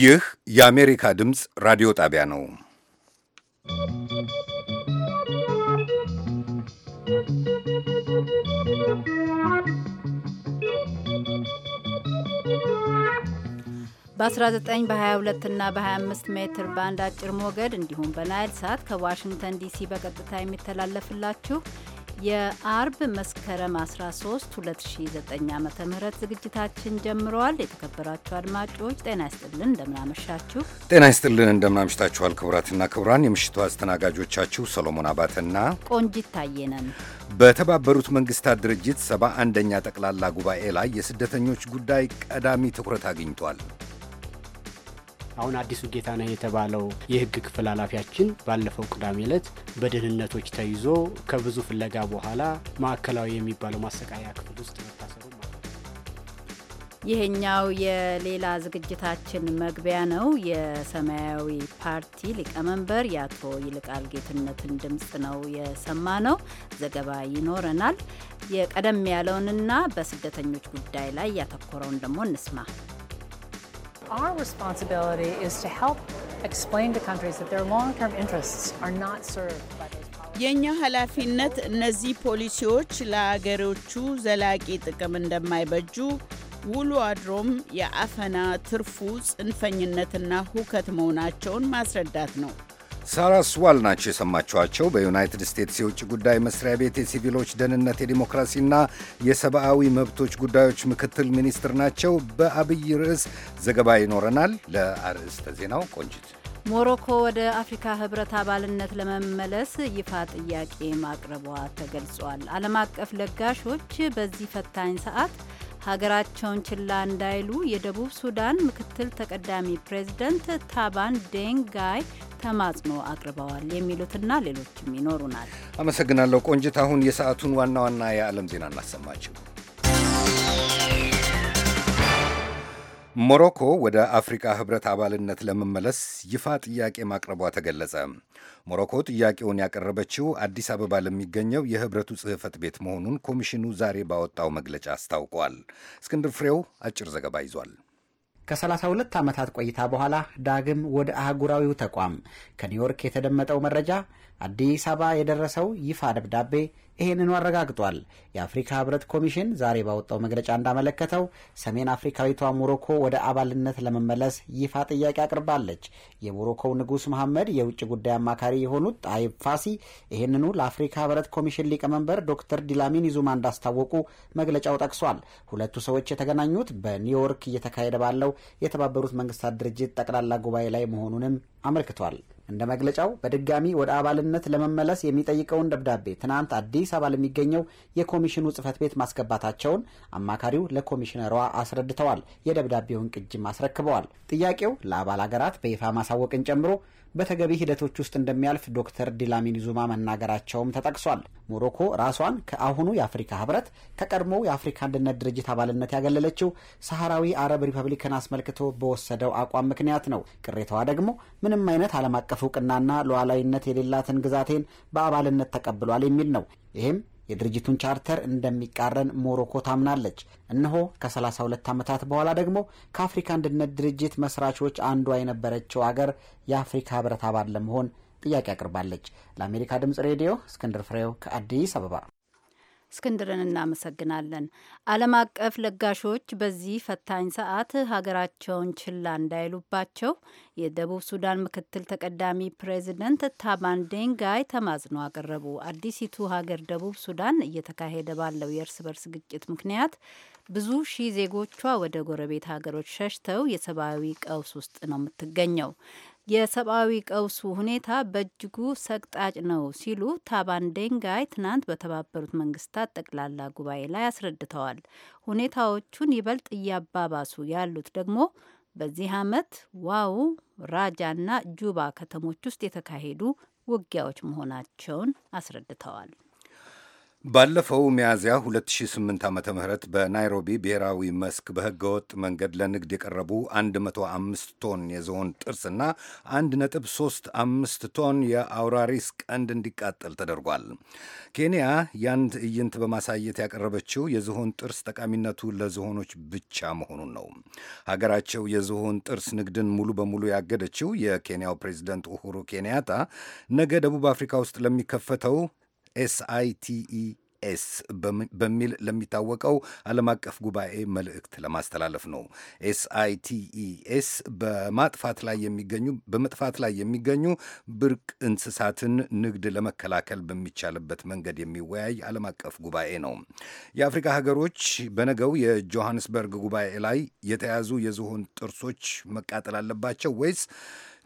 ይህ የአሜሪካ ድምፅ ራዲዮ ጣቢያ ነው። በ19 በ22 እና በ25 ሜትር ባንድ አጭር ሞገድ እንዲሁም በናይል ሳት ከዋሽንግተን ዲሲ በቀጥታ የሚተላለፍላችሁ የአርብ መስከረም 13 2009 ዓ ም ዝግጅታችን ጀምረዋል። የተከበራችሁ አድማጮች ጤና ይስጥልን፣ እንደምናመሻችሁ። ጤና ይስጥልን፣ እንደምናመሽታችኋል። ክቡራትና ክቡራን የምሽቱ አስተናጋጆቻችሁ ሰሎሞን አባተና ቆንጂት ታየነን በተባበሩት መንግስታት ድርጅት ሰባ አንደኛ ጠቅላላ ጉባኤ ላይ የስደተኞች ጉዳይ ቀዳሚ ትኩረት አግኝቷል። አሁን አዲሱ ነ የተባለው የህግ ክፍል ኃላፊያችን ባለፈው ቅዳሜ ዕለት በደህንነቶች ተይዞ ከብዙ ፍለጋ በኋላ ማዕከላዊ የሚባለው ማሰቃያ ክፍል ውስጥ መታሰሩ ይሄኛው የሌላ ዝግጅታችን መግቢያ ነው። የሰማያዊ ፓርቲ ሊቀመንበር የአቶ ይልቃል ጌትነትን ድምፅ ነው የሰማ ነው። ዘገባ ይኖረናል። የቀደም ያለውንና በስደተኞች ጉዳይ ላይ ያተኮረውን ደግሞ እንስማ። Our responsibility is to help explain to countries that their long-term interests are not served by those policies. የእኛ ኃላፊነት እነዚህ ፖሊሲዎች ለአገሮቹ ዘላቂ ጥቅም እንደማይበጁ ውሎ አድሮም የአፈና ትርፉ ጽንፈኝነትና ሁከት መሆናቸውን ማስረዳት ነው። ሳራ ስዋል ናቸው የሰማችኋቸው። በዩናይትድ ስቴትስ የውጭ ጉዳይ መስሪያ ቤት የሲቪሎች ደህንነት፣ የዲሞክራሲና የሰብአዊ መብቶች ጉዳዮች ምክትል ሚኒስትር ናቸው። በአብይ ርዕስ ዘገባ ይኖረናል። ለአርዕስተ ዜናው ቆንጅት ሞሮኮ ወደ አፍሪካ ህብረት አባልነት ለመመለስ ይፋ ጥያቄ ማቅረቧ ተገልጿል። ዓለም አቀፍ ለጋሾች በዚህ ፈታኝ ሰዓት ሀገራቸውን ችላ እንዳይሉ የደቡብ ሱዳን ምክትል ተቀዳሚ ፕሬዝደንት ታባን ዴንጋይ ተማጽኖ አቅርበዋል። የሚሉትና ሌሎችም ይኖሩናል። አመሰግናለሁ ቆንጅት። አሁን የሰዓቱን ዋና ዋና የዓለም ዜና እናሰማችሁ። ሞሮኮ ወደ አፍሪካ ህብረት አባልነት ለመመለስ ይፋ ጥያቄ ማቅረቧ ተገለጸ። ሞሮኮ ጥያቄውን ያቀረበችው አዲስ አበባ ለሚገኘው የህብረቱ ጽህፈት ቤት መሆኑን ኮሚሽኑ ዛሬ ባወጣው መግለጫ አስታውቋል። እስክንድር ፍሬው አጭር ዘገባ ይዟል። ከ32 ዓመታት ቆይታ በኋላ ዳግም ወደ አህጉራዊው ተቋም ከኒውዮርክ የተደመጠው መረጃ አዲስ አበባ የደረሰው ይፋ ደብዳቤ ይህንኑ አረጋግጧል። የአፍሪካ ህብረት ኮሚሽን ዛሬ ባወጣው መግለጫ እንዳመለከተው ሰሜን አፍሪካዊቷ ሞሮኮ ወደ አባልነት ለመመለስ ይፋ ጥያቄ አቅርባለች። የሞሮኮው ንጉሥ መሐመድ የውጭ ጉዳይ አማካሪ የሆኑት ጣይብ ፋሲ ይህንኑ ለአፍሪካ ህብረት ኮሚሽን ሊቀመንበር ዶክተር ዲላሚን ይዙማ እንዳስታወቁ መግለጫው ጠቅሷል። ሁለቱ ሰዎች የተገናኙት በኒውዮርክ እየተካሄደ ባለው የተባበሩት መንግስታት ድርጅት ጠቅላላ ጉባኤ ላይ መሆኑንም አመልክቷል። እንደ መግለጫው በድጋሚ ወደ አባልነት ለመመለስ የሚጠይቀውን ደብዳቤ ትናንት አዲስ አበባ ለሚገኘው የኮሚሽኑ ጽህፈት ቤት ማስገባታቸውን አማካሪው ለኮሚሽነሯ አስረድተዋል። የደብዳቤውን ቅጅም አስረክበዋል። ጥያቄው ለአባል አገራት በይፋ ማሳወቅን ጨምሮ በተገቢ ሂደቶች ውስጥ እንደሚያልፍ ዶክተር ዲላሚን ዙማ መናገራቸውም ተጠቅሷል። ሞሮኮ ራሷን ከአሁኑ የአፍሪካ ህብረት ከቀድሞው የአፍሪካ አንድነት ድርጅት አባልነት ያገለለችው ሰሐራዊ አረብ ሪፐብሊክን አስመልክቶ በወሰደው አቋም ምክንያት ነው። ቅሬታዋ ደግሞ ምንም አይነት ዓለም አቀፍ እውቅናና ሉዓላዊነት የሌላትን ግዛቴን በአባልነት ተቀብሏል የሚል ነው። ይህም የድርጅቱን ቻርተር እንደሚቃረን ሞሮኮ ታምናለች። እነሆ ከ32 ዓመታት በኋላ ደግሞ ከአፍሪካ አንድነት ድርጅት መስራቾች አንዷ የነበረችው አገር የአፍሪካ ህብረት አባል ለመሆን ጥያቄ አቅርባለች። ለአሜሪካ ድምፅ ሬዲዮ እስክንድር ፍሬው ከአዲስ አበባ እስክንድርን እናመሰግናለን። ዓለም አቀፍ ለጋሾች በዚህ ፈታኝ ሰዓት ሀገራቸውን ችላ እንዳይሉባቸው የደቡብ ሱዳን ምክትል ተቀዳሚ ፕሬዚደንት ታባን ዴንጋይ ተማጽኖ አቀረቡ። አዲሲቱ ሀገር ደቡብ ሱዳን እየተካሄደ ባለው የእርስ በርስ ግጭት ምክንያት ብዙ ሺህ ዜጎቿ ወደ ጎረቤት ሀገሮች ሸሽተው የሰብአዊ ቀውስ ውስጥ ነው የምትገኘው። የሰብአዊ ቀውሱ ሁኔታ በእጅጉ ሰቅጣጭ ነው ሲሉ ታባንዴንጋይ ትናንት በተባበሩት መንግስታት ጠቅላላ ጉባኤ ላይ አስረድተዋል። ሁኔታዎቹን ይበልጥ እያባባሱ ያሉት ደግሞ በዚህ ዓመት ዋው፣ ራጃና ጁባ ከተሞች ውስጥ የተካሄዱ ውጊያዎች መሆናቸውን አስረድተዋል። ባለፈው ሚያዝያ 2008 ዓ ም በናይሮቢ ብሔራዊ መስክ በህገወጥ መንገድ ለንግድ የቀረቡ 105 ቶን የዝሆን ጥርስና 1.35 ቶን የአውራሪስ ቀንድ እንዲቃጠል ተደርጓል። ኬንያ ያን ትዕይንት በማሳየት ያቀረበችው የዝሆን ጥርስ ጠቃሚነቱ ለዝሆኖች ብቻ መሆኑን ነው። ሀገራቸው የዝሆን ጥርስ ንግድን ሙሉ በሙሉ ያገደችው የኬንያው ፕሬዚደንት ኡሁሩ ኬንያታ ነገ ደቡብ አፍሪካ ውስጥ ለሚከፈተው ኤስአይቲኢ ኤስ በሚል ለሚታወቀው ዓለም አቀፍ ጉባኤ መልእክት ለማስተላለፍ ነው። ኤስአይቲኢኤስ በማጥፋት ላይ የሚገኙ በመጥፋት ላይ የሚገኙ ብርቅ እንስሳትን ንግድ ለመከላከል በሚቻልበት መንገድ የሚወያይ ዓለም አቀፍ ጉባኤ ነው። የአፍሪካ ሀገሮች በነገው የጆሃንስበርግ ጉባኤ ላይ የተያዙ የዝሆን ጥርሶች መቃጠል አለባቸው ወይስ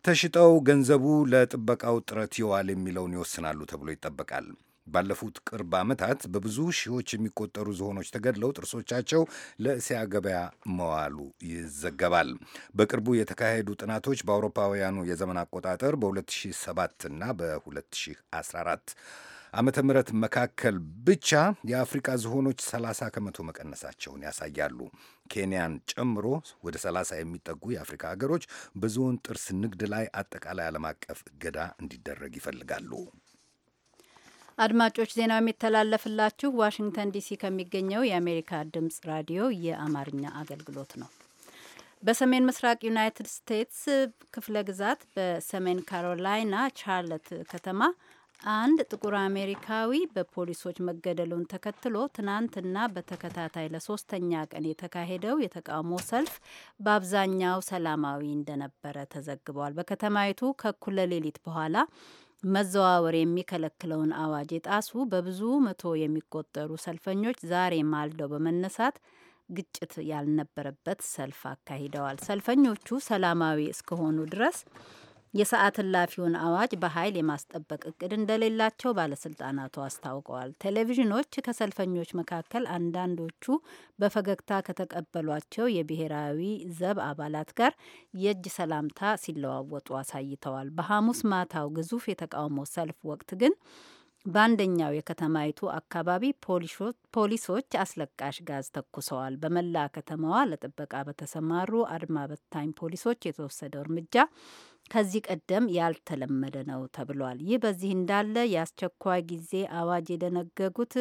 ተሽጠው ገንዘቡ ለጥበቃው ጥረት ይዋል የሚለውን ይወስናሉ ተብሎ ይጠበቃል። ባለፉት ቅርብ ዓመታት በብዙ ሺዎች የሚቆጠሩ ዝሆኖች ተገድለው ጥርሶቻቸው ለእስያ ገበያ መዋሉ ይዘገባል። በቅርቡ የተካሄዱ ጥናቶች በአውሮፓውያኑ የዘመን አቆጣጠር በ2007 እና በ2014 ዓመተ ምህረት መካከል ብቻ የአፍሪቃ ዝሆኖች 30 ከመቶ መቀነሳቸውን ያሳያሉ። ኬንያን ጨምሮ ወደ 30 የሚጠጉ የአፍሪካ ሀገሮች በዝሆን ጥርስ ንግድ ላይ አጠቃላይ ዓለም አቀፍ እገዳ እንዲደረግ ይፈልጋሉ። አድማጮች ዜናው የሚተላለፍላችሁ ዋሽንግተን ዲሲ ከሚገኘው የአሜሪካ ድምጽ ራዲዮ የአማርኛ አገልግሎት ነው። በሰሜን ምስራቅ ዩናይትድ ስቴትስ ክፍለ ግዛት በሰሜን ካሮላይና ቻርለት ከተማ አንድ ጥቁር አሜሪካዊ በፖሊሶች መገደሉን ተከትሎ ትናንትና በተከታታይ ለሶስተኛ ቀን የተካሄደው የተቃውሞ ሰልፍ በአብዛኛው ሰላማዊ እንደነበረ ተዘግቧል። በከተማይቱ ከእኩለ ሌሊት በኋላ መዘዋወር የሚከለክለውን አዋጅ የጣሱ በብዙ መቶ የሚቆጠሩ ሰልፈኞች ዛሬ ማልደው በመነሳት ግጭት ያልነበረበት ሰልፍ አካሂደዋል። ሰልፈኞቹ ሰላማዊ እስከሆኑ ድረስ የሰዓት እላፊውን አዋጅ በኃይል የማስጠበቅ እቅድ እንደሌላቸው ባለስልጣናቱ አስታውቀዋል። ቴሌቪዥኖች ከሰልፈኞች መካከል አንዳንዶቹ በፈገግታ ከተቀበሏቸው የብሔራዊ ዘብ አባላት ጋር የእጅ ሰላምታ ሲለዋወጡ አሳይተዋል። በሐሙስ ማታው ግዙፍ የተቃውሞ ሰልፍ ወቅት ግን በአንደኛው የከተማይቱ አካባቢ ፖሊሶች አስለቃሽ ጋዝ ተኩሰዋል። በመላ ከተማዋ ለጥበቃ በተሰማሩ አድማ በታኝ ፖሊሶች የተወሰደው እርምጃ ከዚህ ቀደም ያልተለመደ ነው ተብሏል። ይህ በዚህ እንዳለ የአስቸኳይ ጊዜ አዋጅ የደነገጉት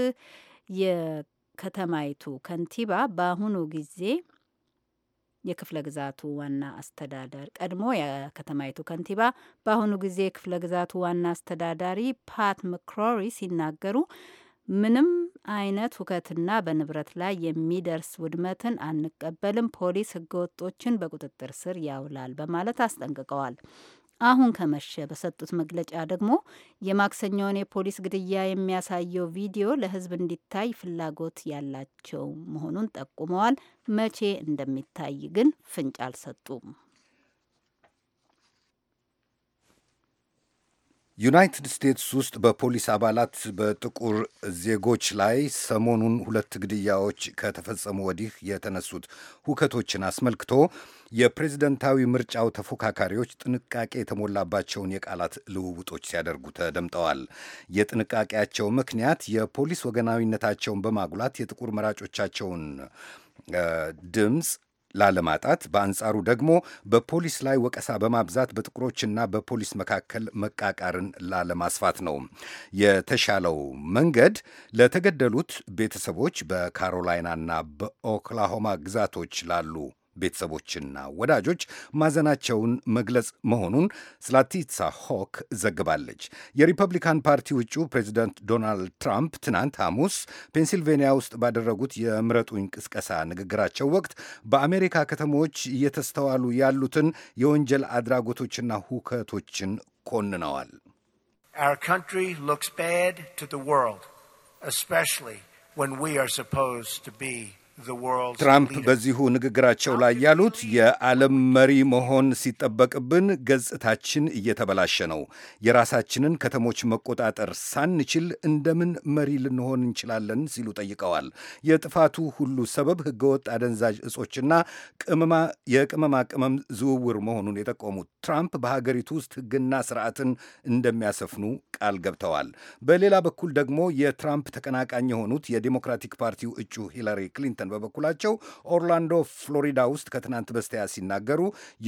የከተማይቱ ከንቲባ በአሁኑ ጊዜ የክፍለ ግዛቱ ዋና አስተዳዳሪ ቀድሞ የከተማይቱ ከንቲባ በአሁኑ ጊዜ የክፍለ ግዛቱ ዋና አስተዳዳሪ ፓት ምክሮሪ ሲናገሩ ምንም አይነት ሁከትና በንብረት ላይ የሚደርስ ውድመትን አንቀበልም፣ ፖሊስ ህገወጦችን በቁጥጥር ስር ያውላል በማለት አስጠንቅቀዋል። አሁን ከመሸ በሰጡት መግለጫ ደግሞ የማክሰኞውን የፖሊስ ግድያ የሚያሳየው ቪዲዮ ለህዝብ እንዲታይ ፍላጎት ያላቸው መሆኑን ጠቁመዋል። መቼ እንደሚታይ ግን ፍንጭ አልሰጡም። ዩናይትድ ስቴትስ ውስጥ በፖሊስ አባላት በጥቁር ዜጎች ላይ ሰሞኑን ሁለት ግድያዎች ከተፈጸሙ ወዲህ የተነሱት ሁከቶችን አስመልክቶ የፕሬዝደንታዊ ምርጫው ተፎካካሪዎች ጥንቃቄ የተሞላባቸውን የቃላት ልውውጦች ሲያደርጉ ተደምጠዋል። የጥንቃቄያቸው ምክንያት የፖሊስ ወገናዊነታቸውን በማጉላት የጥቁር መራጮቻቸውን ድምፅ ላለማጣት በአንጻሩ ደግሞ በፖሊስ ላይ ወቀሳ በማብዛት በጥቁሮችና በፖሊስ መካከል መቃቃርን ላለማስፋት ነው። የተሻለው መንገድ ለተገደሉት ቤተሰቦች በካሮላይናና በኦክላሆማ ግዛቶች ላሉ ቤተሰቦችና ወዳጆች ማዘናቸውን መግለጽ መሆኑን ስላቲሳ ሆክ ዘግባለች። የሪፐብሊካን ፓርቲ ውጩ ፕሬዚደንት ዶናልድ ትራምፕ ትናንት ሐሙስ ፔንሲልቬንያ ውስጥ ባደረጉት የምረጡኝ ቅስቀሳ ንግግራቸው ወቅት በአሜሪካ ከተሞች እየተስተዋሉ ያሉትን የወንጀል አድራጎቶችና ሁከቶችን ኮንነዋል። Our country looks bad to the world, especially when we are supposed to be ትራምፕ በዚሁ ንግግራቸው ላይ ያሉት የዓለም መሪ መሆን ሲጠበቅብን ገጽታችን እየተበላሸ ነው። የራሳችንን ከተሞች መቆጣጠር ሳንችል እንደምን መሪ ልንሆን እንችላለን? ሲሉ ጠይቀዋል። የጥፋቱ ሁሉ ሰበብ ሕገወጥ አደንዛዥ እጾችና የቅመማ ቅመም ዝውውር መሆኑን የጠቆሙት ትራምፕ በሀገሪቱ ውስጥ ሕግና ስርዓትን እንደሚያሰፍኑ ቃል ገብተዋል። በሌላ በኩል ደግሞ የትራምፕ ተቀናቃኝ የሆኑት የዴሞክራቲክ ፓርቲው እጩ ሂላሪ ክሊንተን ዊልሰን በበኩላቸው ኦርላንዶ ፍሎሪዳ ውስጥ ከትናንት በስቲያ ሲናገሩ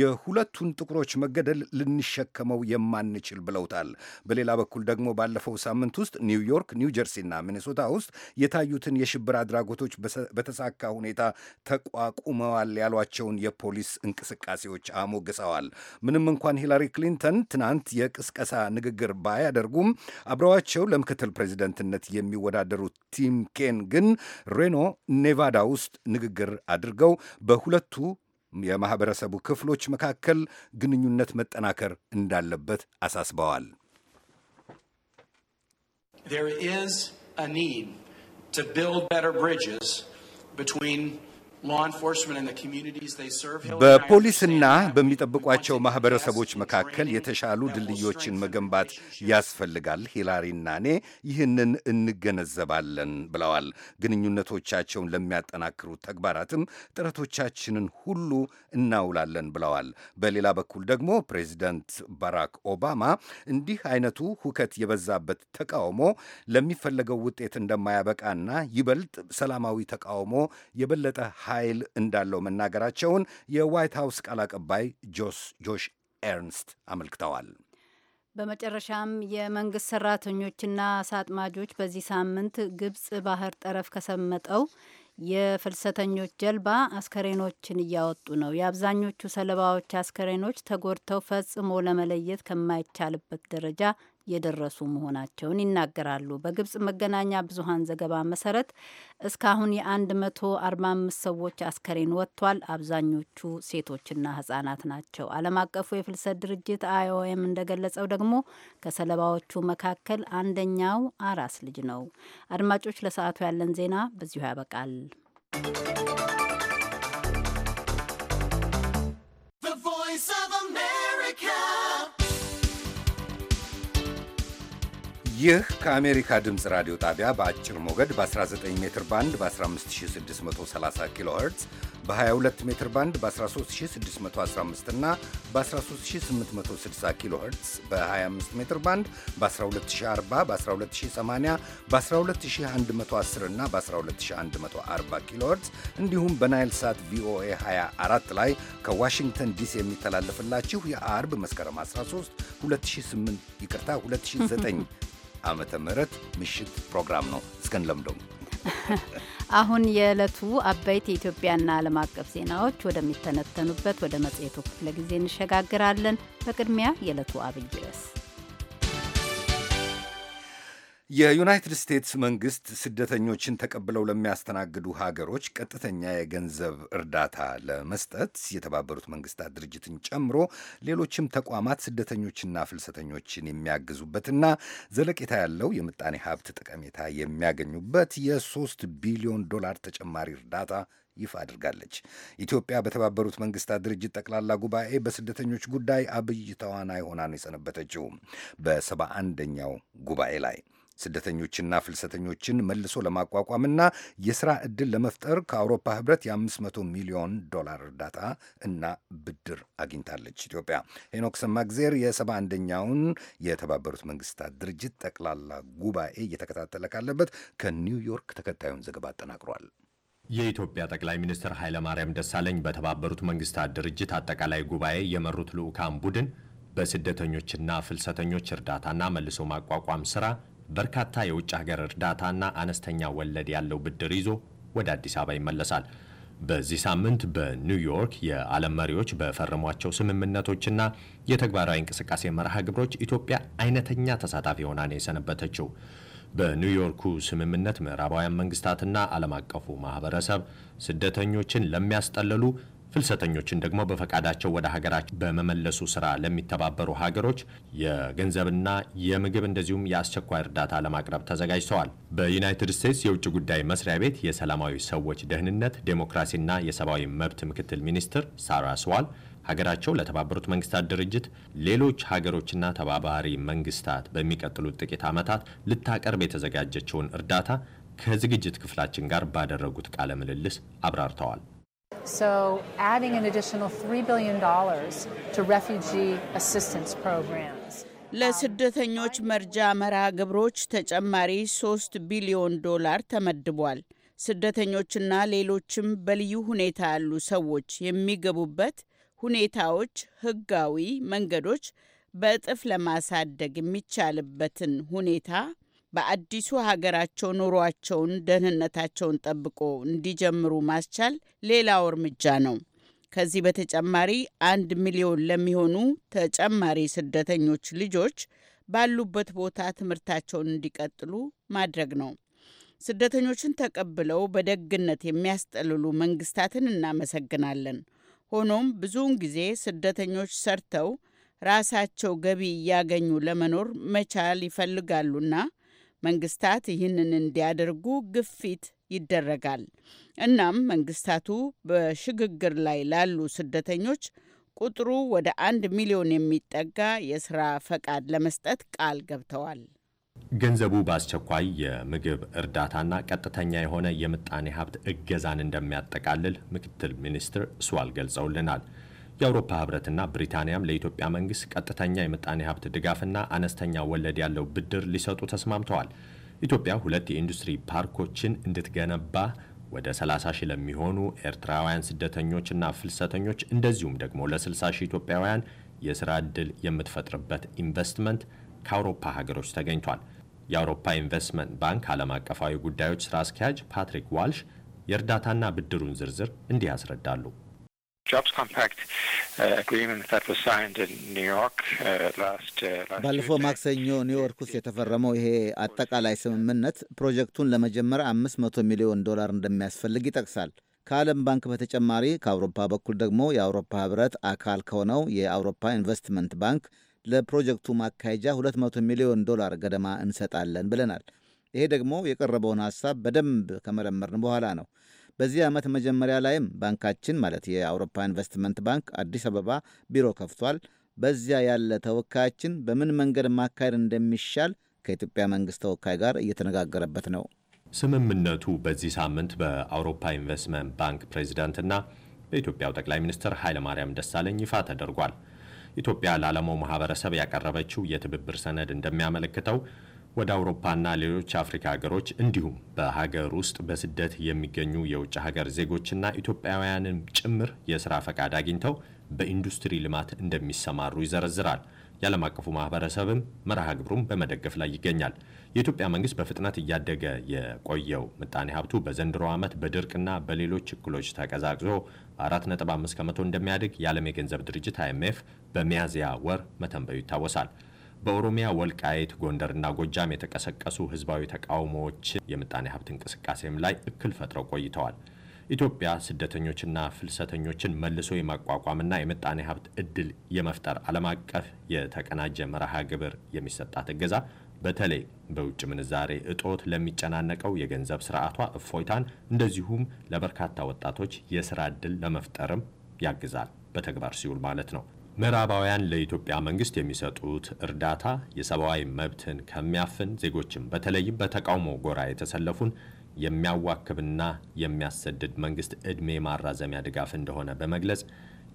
የሁለቱን ጥቁሮች መገደል ልንሸከመው የማንችል ብለውታል። በሌላ በኩል ደግሞ ባለፈው ሳምንት ውስጥ ኒውዮርክ፣ ና ሚኒሶታ ውስጥ የታዩትን የሽብር አድራጎቶች በተሳካ ሁኔታ ተቋቁመዋል ያሏቸውን የፖሊስ እንቅስቃሴዎች አሞግሰዋል። ምንም እንኳን ሂላሪ ክሊንተን ትናንት የቅስቀሳ ንግግር ባያደርጉም አብረዋቸው ለምክትል ፕሬዚደንትነት የሚወዳደሩት ቲም ኬን ግን ሬኖ ኔቫዳ ውስጥ ንግግር አድርገው በሁለቱ የማኅበረሰቡ ክፍሎች መካከል ግንኙነት መጠናከር እንዳለበት አሳስበዋል። There is a need to build better bridges between በፖሊስና በሚጠብቋቸው ማህበረሰቦች መካከል የተሻሉ ድልድዮችን መገንባት ያስፈልጋል። ሂላሪና እኔ ይህንን እንገነዘባለን ብለዋል። ግንኙነቶቻቸውን ለሚያጠናክሩ ተግባራትም ጥረቶቻችንን ሁሉ እናውላለን ብለዋል። በሌላ በኩል ደግሞ ፕሬዚደንት ባራክ ኦባማ እንዲህ አይነቱ ሁከት የበዛበት ተቃውሞ ለሚፈለገው ውጤት እንደማያበቃና ይበልጥ ሰላማዊ ተቃውሞ የበለጠ ኃይል እንዳለው መናገራቸውን የዋይት ሀውስ ቃል አቀባይ ጆሽ ኤርንስት አመልክተዋል። በመጨረሻም የመንግስት ሰራተኞችና ሳጥማጆች በዚህ ሳምንት ግብጽ ባህር ጠረፍ ከሰመጠው የፍልሰተኞች ጀልባ አስከሬኖችን እያወጡ ነው። የአብዛኞቹ ሰለባዎች አስከሬኖች ተጎድተው ፈጽሞ ለመለየት ከማይቻልበት ደረጃ የደረሱ መሆናቸውን ይናገራሉ። በግብጽ መገናኛ ብዙሃን ዘገባ መሰረት እስካሁን የ145 ሰዎች አስከሬን ወጥቷል። አብዛኞቹ ሴቶችና ህጻናት ናቸው። ዓለም አቀፉ የፍልሰት ድርጅት አይኦኤም እንደገለጸው ደግሞ ከሰለባዎቹ መካከል አንደኛው አራስ ልጅ ነው። አድማጮች፣ ለሰዓቱ ያለን ዜና በዚሁ ያበቃል። ይህ ከአሜሪካ ድምፅ ራዲዮ ጣቢያ በአጭር ሞገድ በ19 ሜትር ባንድ በ15630 ኪሎ ኸርትዝ በ22 ሜትር ባንድ በ13615 እና በ13860 ኪሎ ኸርትዝ በ25 ሜትር ባንድ በ12040 በ12080 በ12110 እና በ12140 ኪሎ ኸርትዝ እንዲሁም በናይል ሳት ቪኦኤ 24 ላይ ከዋሽንግተን ዲሲ የሚተላለፍላችሁ የአርብ መስከረም 13 2008 ይቅርታ 2009 ዓመተ ምህረት ምሽት ፕሮግራም ነው። እስከን ለምደው አሁን የዕለቱ አበይት የኢትዮጵያና ዓለም አቀፍ ዜናዎች ወደሚተነተኑበት ወደ መጽሔቱ ክፍለ ጊዜ እንሸጋግራለን። በቅድሚያ የዕለቱ አብይ ርዕስ የዩናይትድ ስቴትስ መንግስት ስደተኞችን ተቀብለው ለሚያስተናግዱ ሀገሮች ቀጥተኛ የገንዘብ እርዳታ ለመስጠት የተባበሩት መንግስታት ድርጅትን ጨምሮ ሌሎችም ተቋማት ስደተኞችና ፍልሰተኞችን የሚያግዙበትና ዘለቄታ ያለው የምጣኔ ሀብት ጠቀሜታ የሚያገኙበት የሶስት ቢሊዮን ዶላር ተጨማሪ እርዳታ ይፋ አድርጋለች። ኢትዮጵያ በተባበሩት መንግስታት ድርጅት ጠቅላላ ጉባኤ በስደተኞች ጉዳይ አብይ ተዋናይ ሆና ነው የሰነበተችው በሰባ አንደኛው ጉባኤ ላይ ስደተኞችና ፍልሰተኞችን መልሶ ለማቋቋምና የሥራ ዕድል ለመፍጠር ከአውሮፓ ህብረት የ500 ሚሊዮን ዶላር እርዳታ እና ብድር አግኝታለች ኢትዮጵያ። ሄኖክ ሰማግዜር የ71ኛውን የተባበሩት መንግስታት ድርጅት ጠቅላላ ጉባኤ እየተከታተለ ካለበት ከኒውዮርክ ተከታዩን ዘገባ አጠናቅሯል። የኢትዮጵያ ጠቅላይ ሚኒስትር ኃይለማርያም ደሳለኝ በተባበሩት መንግስታት ድርጅት አጠቃላይ ጉባኤ የመሩት ልዑካን ቡድን በስደተኞችና ፍልሰተኞች እርዳታና መልሶ ማቋቋም ስራ በርካታ የውጭ ሀገር እርዳታና አነስተኛ ወለድ ያለው ብድር ይዞ ወደ አዲስ አበባ ይመለሳል። በዚህ ሳምንት በኒውዮርክ የዓለም መሪዎች በፈረሟቸው ስምምነቶችና የተግባራዊ እንቅስቃሴ መርሃ ግብሮች ኢትዮጵያ አይነተኛ ተሳታፊ ሆና ነው የሰነበተችው። በኒውዮርኩ ስምምነት ምዕራባውያን መንግስታትና ዓለም አቀፉ ማህበረሰብ ስደተኞችን ለሚያስጠለሉ ፍልሰተኞችን ደግሞ በፈቃዳቸው ወደ ሀገራቸው በመመለሱ ስራ ለሚተባበሩ ሀገሮች የገንዘብና የምግብ እንደዚሁም የአስቸኳይ እርዳታ ለማቅረብ ተዘጋጅተዋል። በዩናይትድ ስቴትስ የውጭ ጉዳይ መስሪያ ቤት የሰላማዊ ሰዎች ደህንነት፣ ዴሞክራሲና የሰብአዊ መብት ምክትል ሚኒስትር ሳራ ስዋል ሀገራቸው ለተባበሩት መንግስታት ድርጅት፣ ሌሎች ሀገሮችና ተባባሪ መንግስታት በሚቀጥሉት ጥቂት ዓመታት ልታቀርብ የተዘጋጀችውን እርዳታ ከዝግጅት ክፍላችን ጋር ባደረጉት ቃለ ምልልስ አብራርተዋል። So, adding an additional $3 billion to refugee assistance programs. ለስደተኞች መርጃ መርሃ ግብሮች ተጨማሪ 3 ቢሊዮን ዶላር ተመድቧል። ስደተኞችና ሌሎችም በልዩ ሁኔታ ያሉ ሰዎች የሚገቡበት ሁኔታዎች ህጋዊ መንገዶች በእጥፍ ለማሳደግ የሚቻልበትን ሁኔታ በአዲሱ ሀገራቸው ኑሯቸውን ደህንነታቸውን ጠብቆ እንዲጀምሩ ማስቻል ሌላው እርምጃ ነው። ከዚህ በተጨማሪ አንድ ሚሊዮን ለሚሆኑ ተጨማሪ ስደተኞች ልጆች ባሉበት ቦታ ትምህርታቸውን እንዲቀጥሉ ማድረግ ነው። ስደተኞችን ተቀብለው በደግነት የሚያስጠልሉ መንግስታትን እናመሰግናለን። ሆኖም ብዙውን ጊዜ ስደተኞች ሰርተው ራሳቸው ገቢ እያገኙ ለመኖር መቻል ይፈልጋሉና መንግስታት ይህንን እንዲያደርጉ ግፊት ይደረጋል። እናም መንግስታቱ በሽግግር ላይ ላሉ ስደተኞች ቁጥሩ ወደ አንድ ሚሊዮን የሚጠጋ የስራ ፈቃድ ለመስጠት ቃል ገብተዋል። ገንዘቡ በአስቸኳይ የምግብ እርዳታና ቀጥተኛ የሆነ የምጣኔ ሀብት እገዛን እንደሚያጠቃልል ምክትል ሚኒስትር ስዋል ገልጸውልናል። የአውሮፓ ህብረትና ብሪታንያም ለኢትዮጵያ መንግስት ቀጥተኛ የምጣኔ ሀብት ድጋፍና አነስተኛ ወለድ ያለው ብድር ሊሰጡ ተስማምተዋል። ኢትዮጵያ ሁለት የኢንዱስትሪ ፓርኮችን እንድትገነባ ወደ 30 ሺህ ለሚሆኑ ኤርትራውያን ስደተኞችና ፍልሰተኞች እንደዚሁም ደግሞ ለ60 ሺህ ኢትዮጵያውያን የስራ ዕድል የምትፈጥርበት ኢንቨስትመንት ከአውሮፓ ሀገሮች ተገኝቷል። የአውሮፓ ኢንቨስትመንት ባንክ ዓለም አቀፋዊ ጉዳዮች ስራ አስኪያጅ ፓትሪክ ዋልሽ የእርዳታና ብድሩን ዝርዝር እንዲህ ያስረዳሉ። ባለፈው ማክሰኞ ኒውዮርክ ውስጥ የተፈረመው ይሄ አጠቃላይ ስምምነት ፕሮጀክቱን ለመጀመር አምስት መቶ ሚሊዮን ዶላር እንደሚያስፈልግ ይጠቅሳል። ከዓለም ባንክ በተጨማሪ ከአውሮፓ በኩል ደግሞ የአውሮፓ ህብረት አካል ከሆነው የአውሮፓ ኢንቨስትመንት ባንክ ለፕሮጀክቱ ማካሄጃ 200 ሚሊዮን ዶላር ገደማ እንሰጣለን ብለናል። ይሄ ደግሞ የቀረበውን ሐሳብ በደንብ ከመረመርን በኋላ ነው። በዚህ ዓመት መጀመሪያ ላይም ባንካችን ማለት የአውሮፓ ኢንቨስትመንት ባንክ አዲስ አበባ ቢሮ ከፍቷል። በዚያ ያለ ተወካያችን በምን መንገድ ማካሄድ እንደሚሻል ከኢትዮጵያ መንግሥት ተወካይ ጋር እየተነጋገረበት ነው። ስምምነቱ በዚህ ሳምንት በአውሮፓ ኢንቨስትመንት ባንክ ፕሬዚዳንትና በኢትዮጵያው ጠቅላይ ሚኒስትር ኃይለማርያም ደሳለኝ ይፋ ተደርጓል። ኢትዮጵያ ለዓለማው ማህበረሰብ ያቀረበችው የትብብር ሰነድ እንደሚያመለክተው ወደ አውሮፓና ሌሎች አፍሪካ ሀገሮች እንዲሁም በሀገር ውስጥ በስደት የሚገኙ የውጭ ሀገር ዜጎችና ኢትዮጵያውያንም ጭምር የስራ ፈቃድ አግኝተው በኢንዱስትሪ ልማት እንደሚሰማሩ ይዘረዝራል። የዓለም አቀፉ ማህበረሰብም መርሃ ግብሩም በመደገፍ ላይ ይገኛል። የኢትዮጵያ መንግስት በፍጥነት እያደገ የቆየው ምጣኔ ሀብቱ በዘንድሮ ዓመት በድርቅና በሌሎች እክሎች ተቀዛቅዞ በ4.5 ከመቶ እንደሚያድግ የዓለም የገንዘብ ድርጅት አይኤምኤፍ በሚያዝያ ወር መተንበዩ ይታወሳል። በኦሮሚያ ወልቃይት፣ ጎንደርና ጎጃም የተቀሰቀሱ ህዝባዊ ተቃውሞዎች የምጣኔ ሀብት እንቅስቃሴም ላይ እክል ፈጥረው ቆይተዋል። ኢትዮጵያ ስደተኞችና ፍልሰተኞችን መልሶ የማቋቋምና የምጣኔ ሀብት እድል የመፍጠር ዓለም አቀፍ የተቀናጀ መርሃ ግብር የሚሰጣት እገዛ በተለይ በውጭ ምንዛሬ እጦት ለሚጨናነቀው የገንዘብ ስርዓቷ እፎይታን፣ እንደዚሁም ለበርካታ ወጣቶች የስራ እድል ለመፍጠርም ያግዛል በተግባር ሲውል ማለት ነው። ምዕራባውያን ለኢትዮጵያ መንግስት የሚሰጡት እርዳታ የሰብአዊ መብትን ከሚያፍን ዜጎችን በተለይም በተቃውሞ ጎራ የተሰለፉን የሚያዋክብና የሚያሰድድ መንግስት ዕድሜ ማራዘሚያ ድጋፍ እንደሆነ በመግለጽ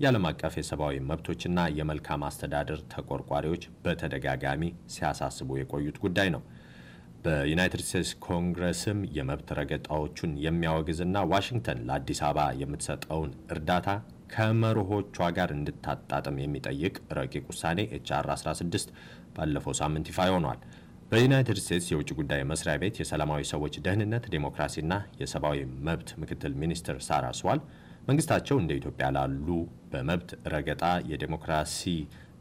የዓለም አቀፍ የሰብአዊ መብቶችና የመልካም አስተዳደር ተቆርቋሪዎች በተደጋጋሚ ሲያሳስቡ የቆዩት ጉዳይ ነው። በዩናይትድ ስቴትስ ኮንግረስም የመብት ረገጣዎቹን የሚያወግዝና ዋሽንግተን ለአዲስ አበባ የምትሰጠውን እርዳታ ከመርሆቿ ጋር እንድታጣጥም የሚጠይቅ ረቂቅ ውሳኔ ኤችአር 16 ባለፈው ሳምንት ይፋ ሆኗል። በዩናይትድ ስቴትስ የውጭ ጉዳይ መስሪያ ቤት የሰላማዊ ሰዎች ደህንነት፣ ዴሞክራሲና የሰብአዊ መብት ምክትል ሚኒስትር ሳራ ስዋል መንግስታቸው እንደ ኢትዮጵያ ላሉ በመብት ረገጣ የዴሞክራሲ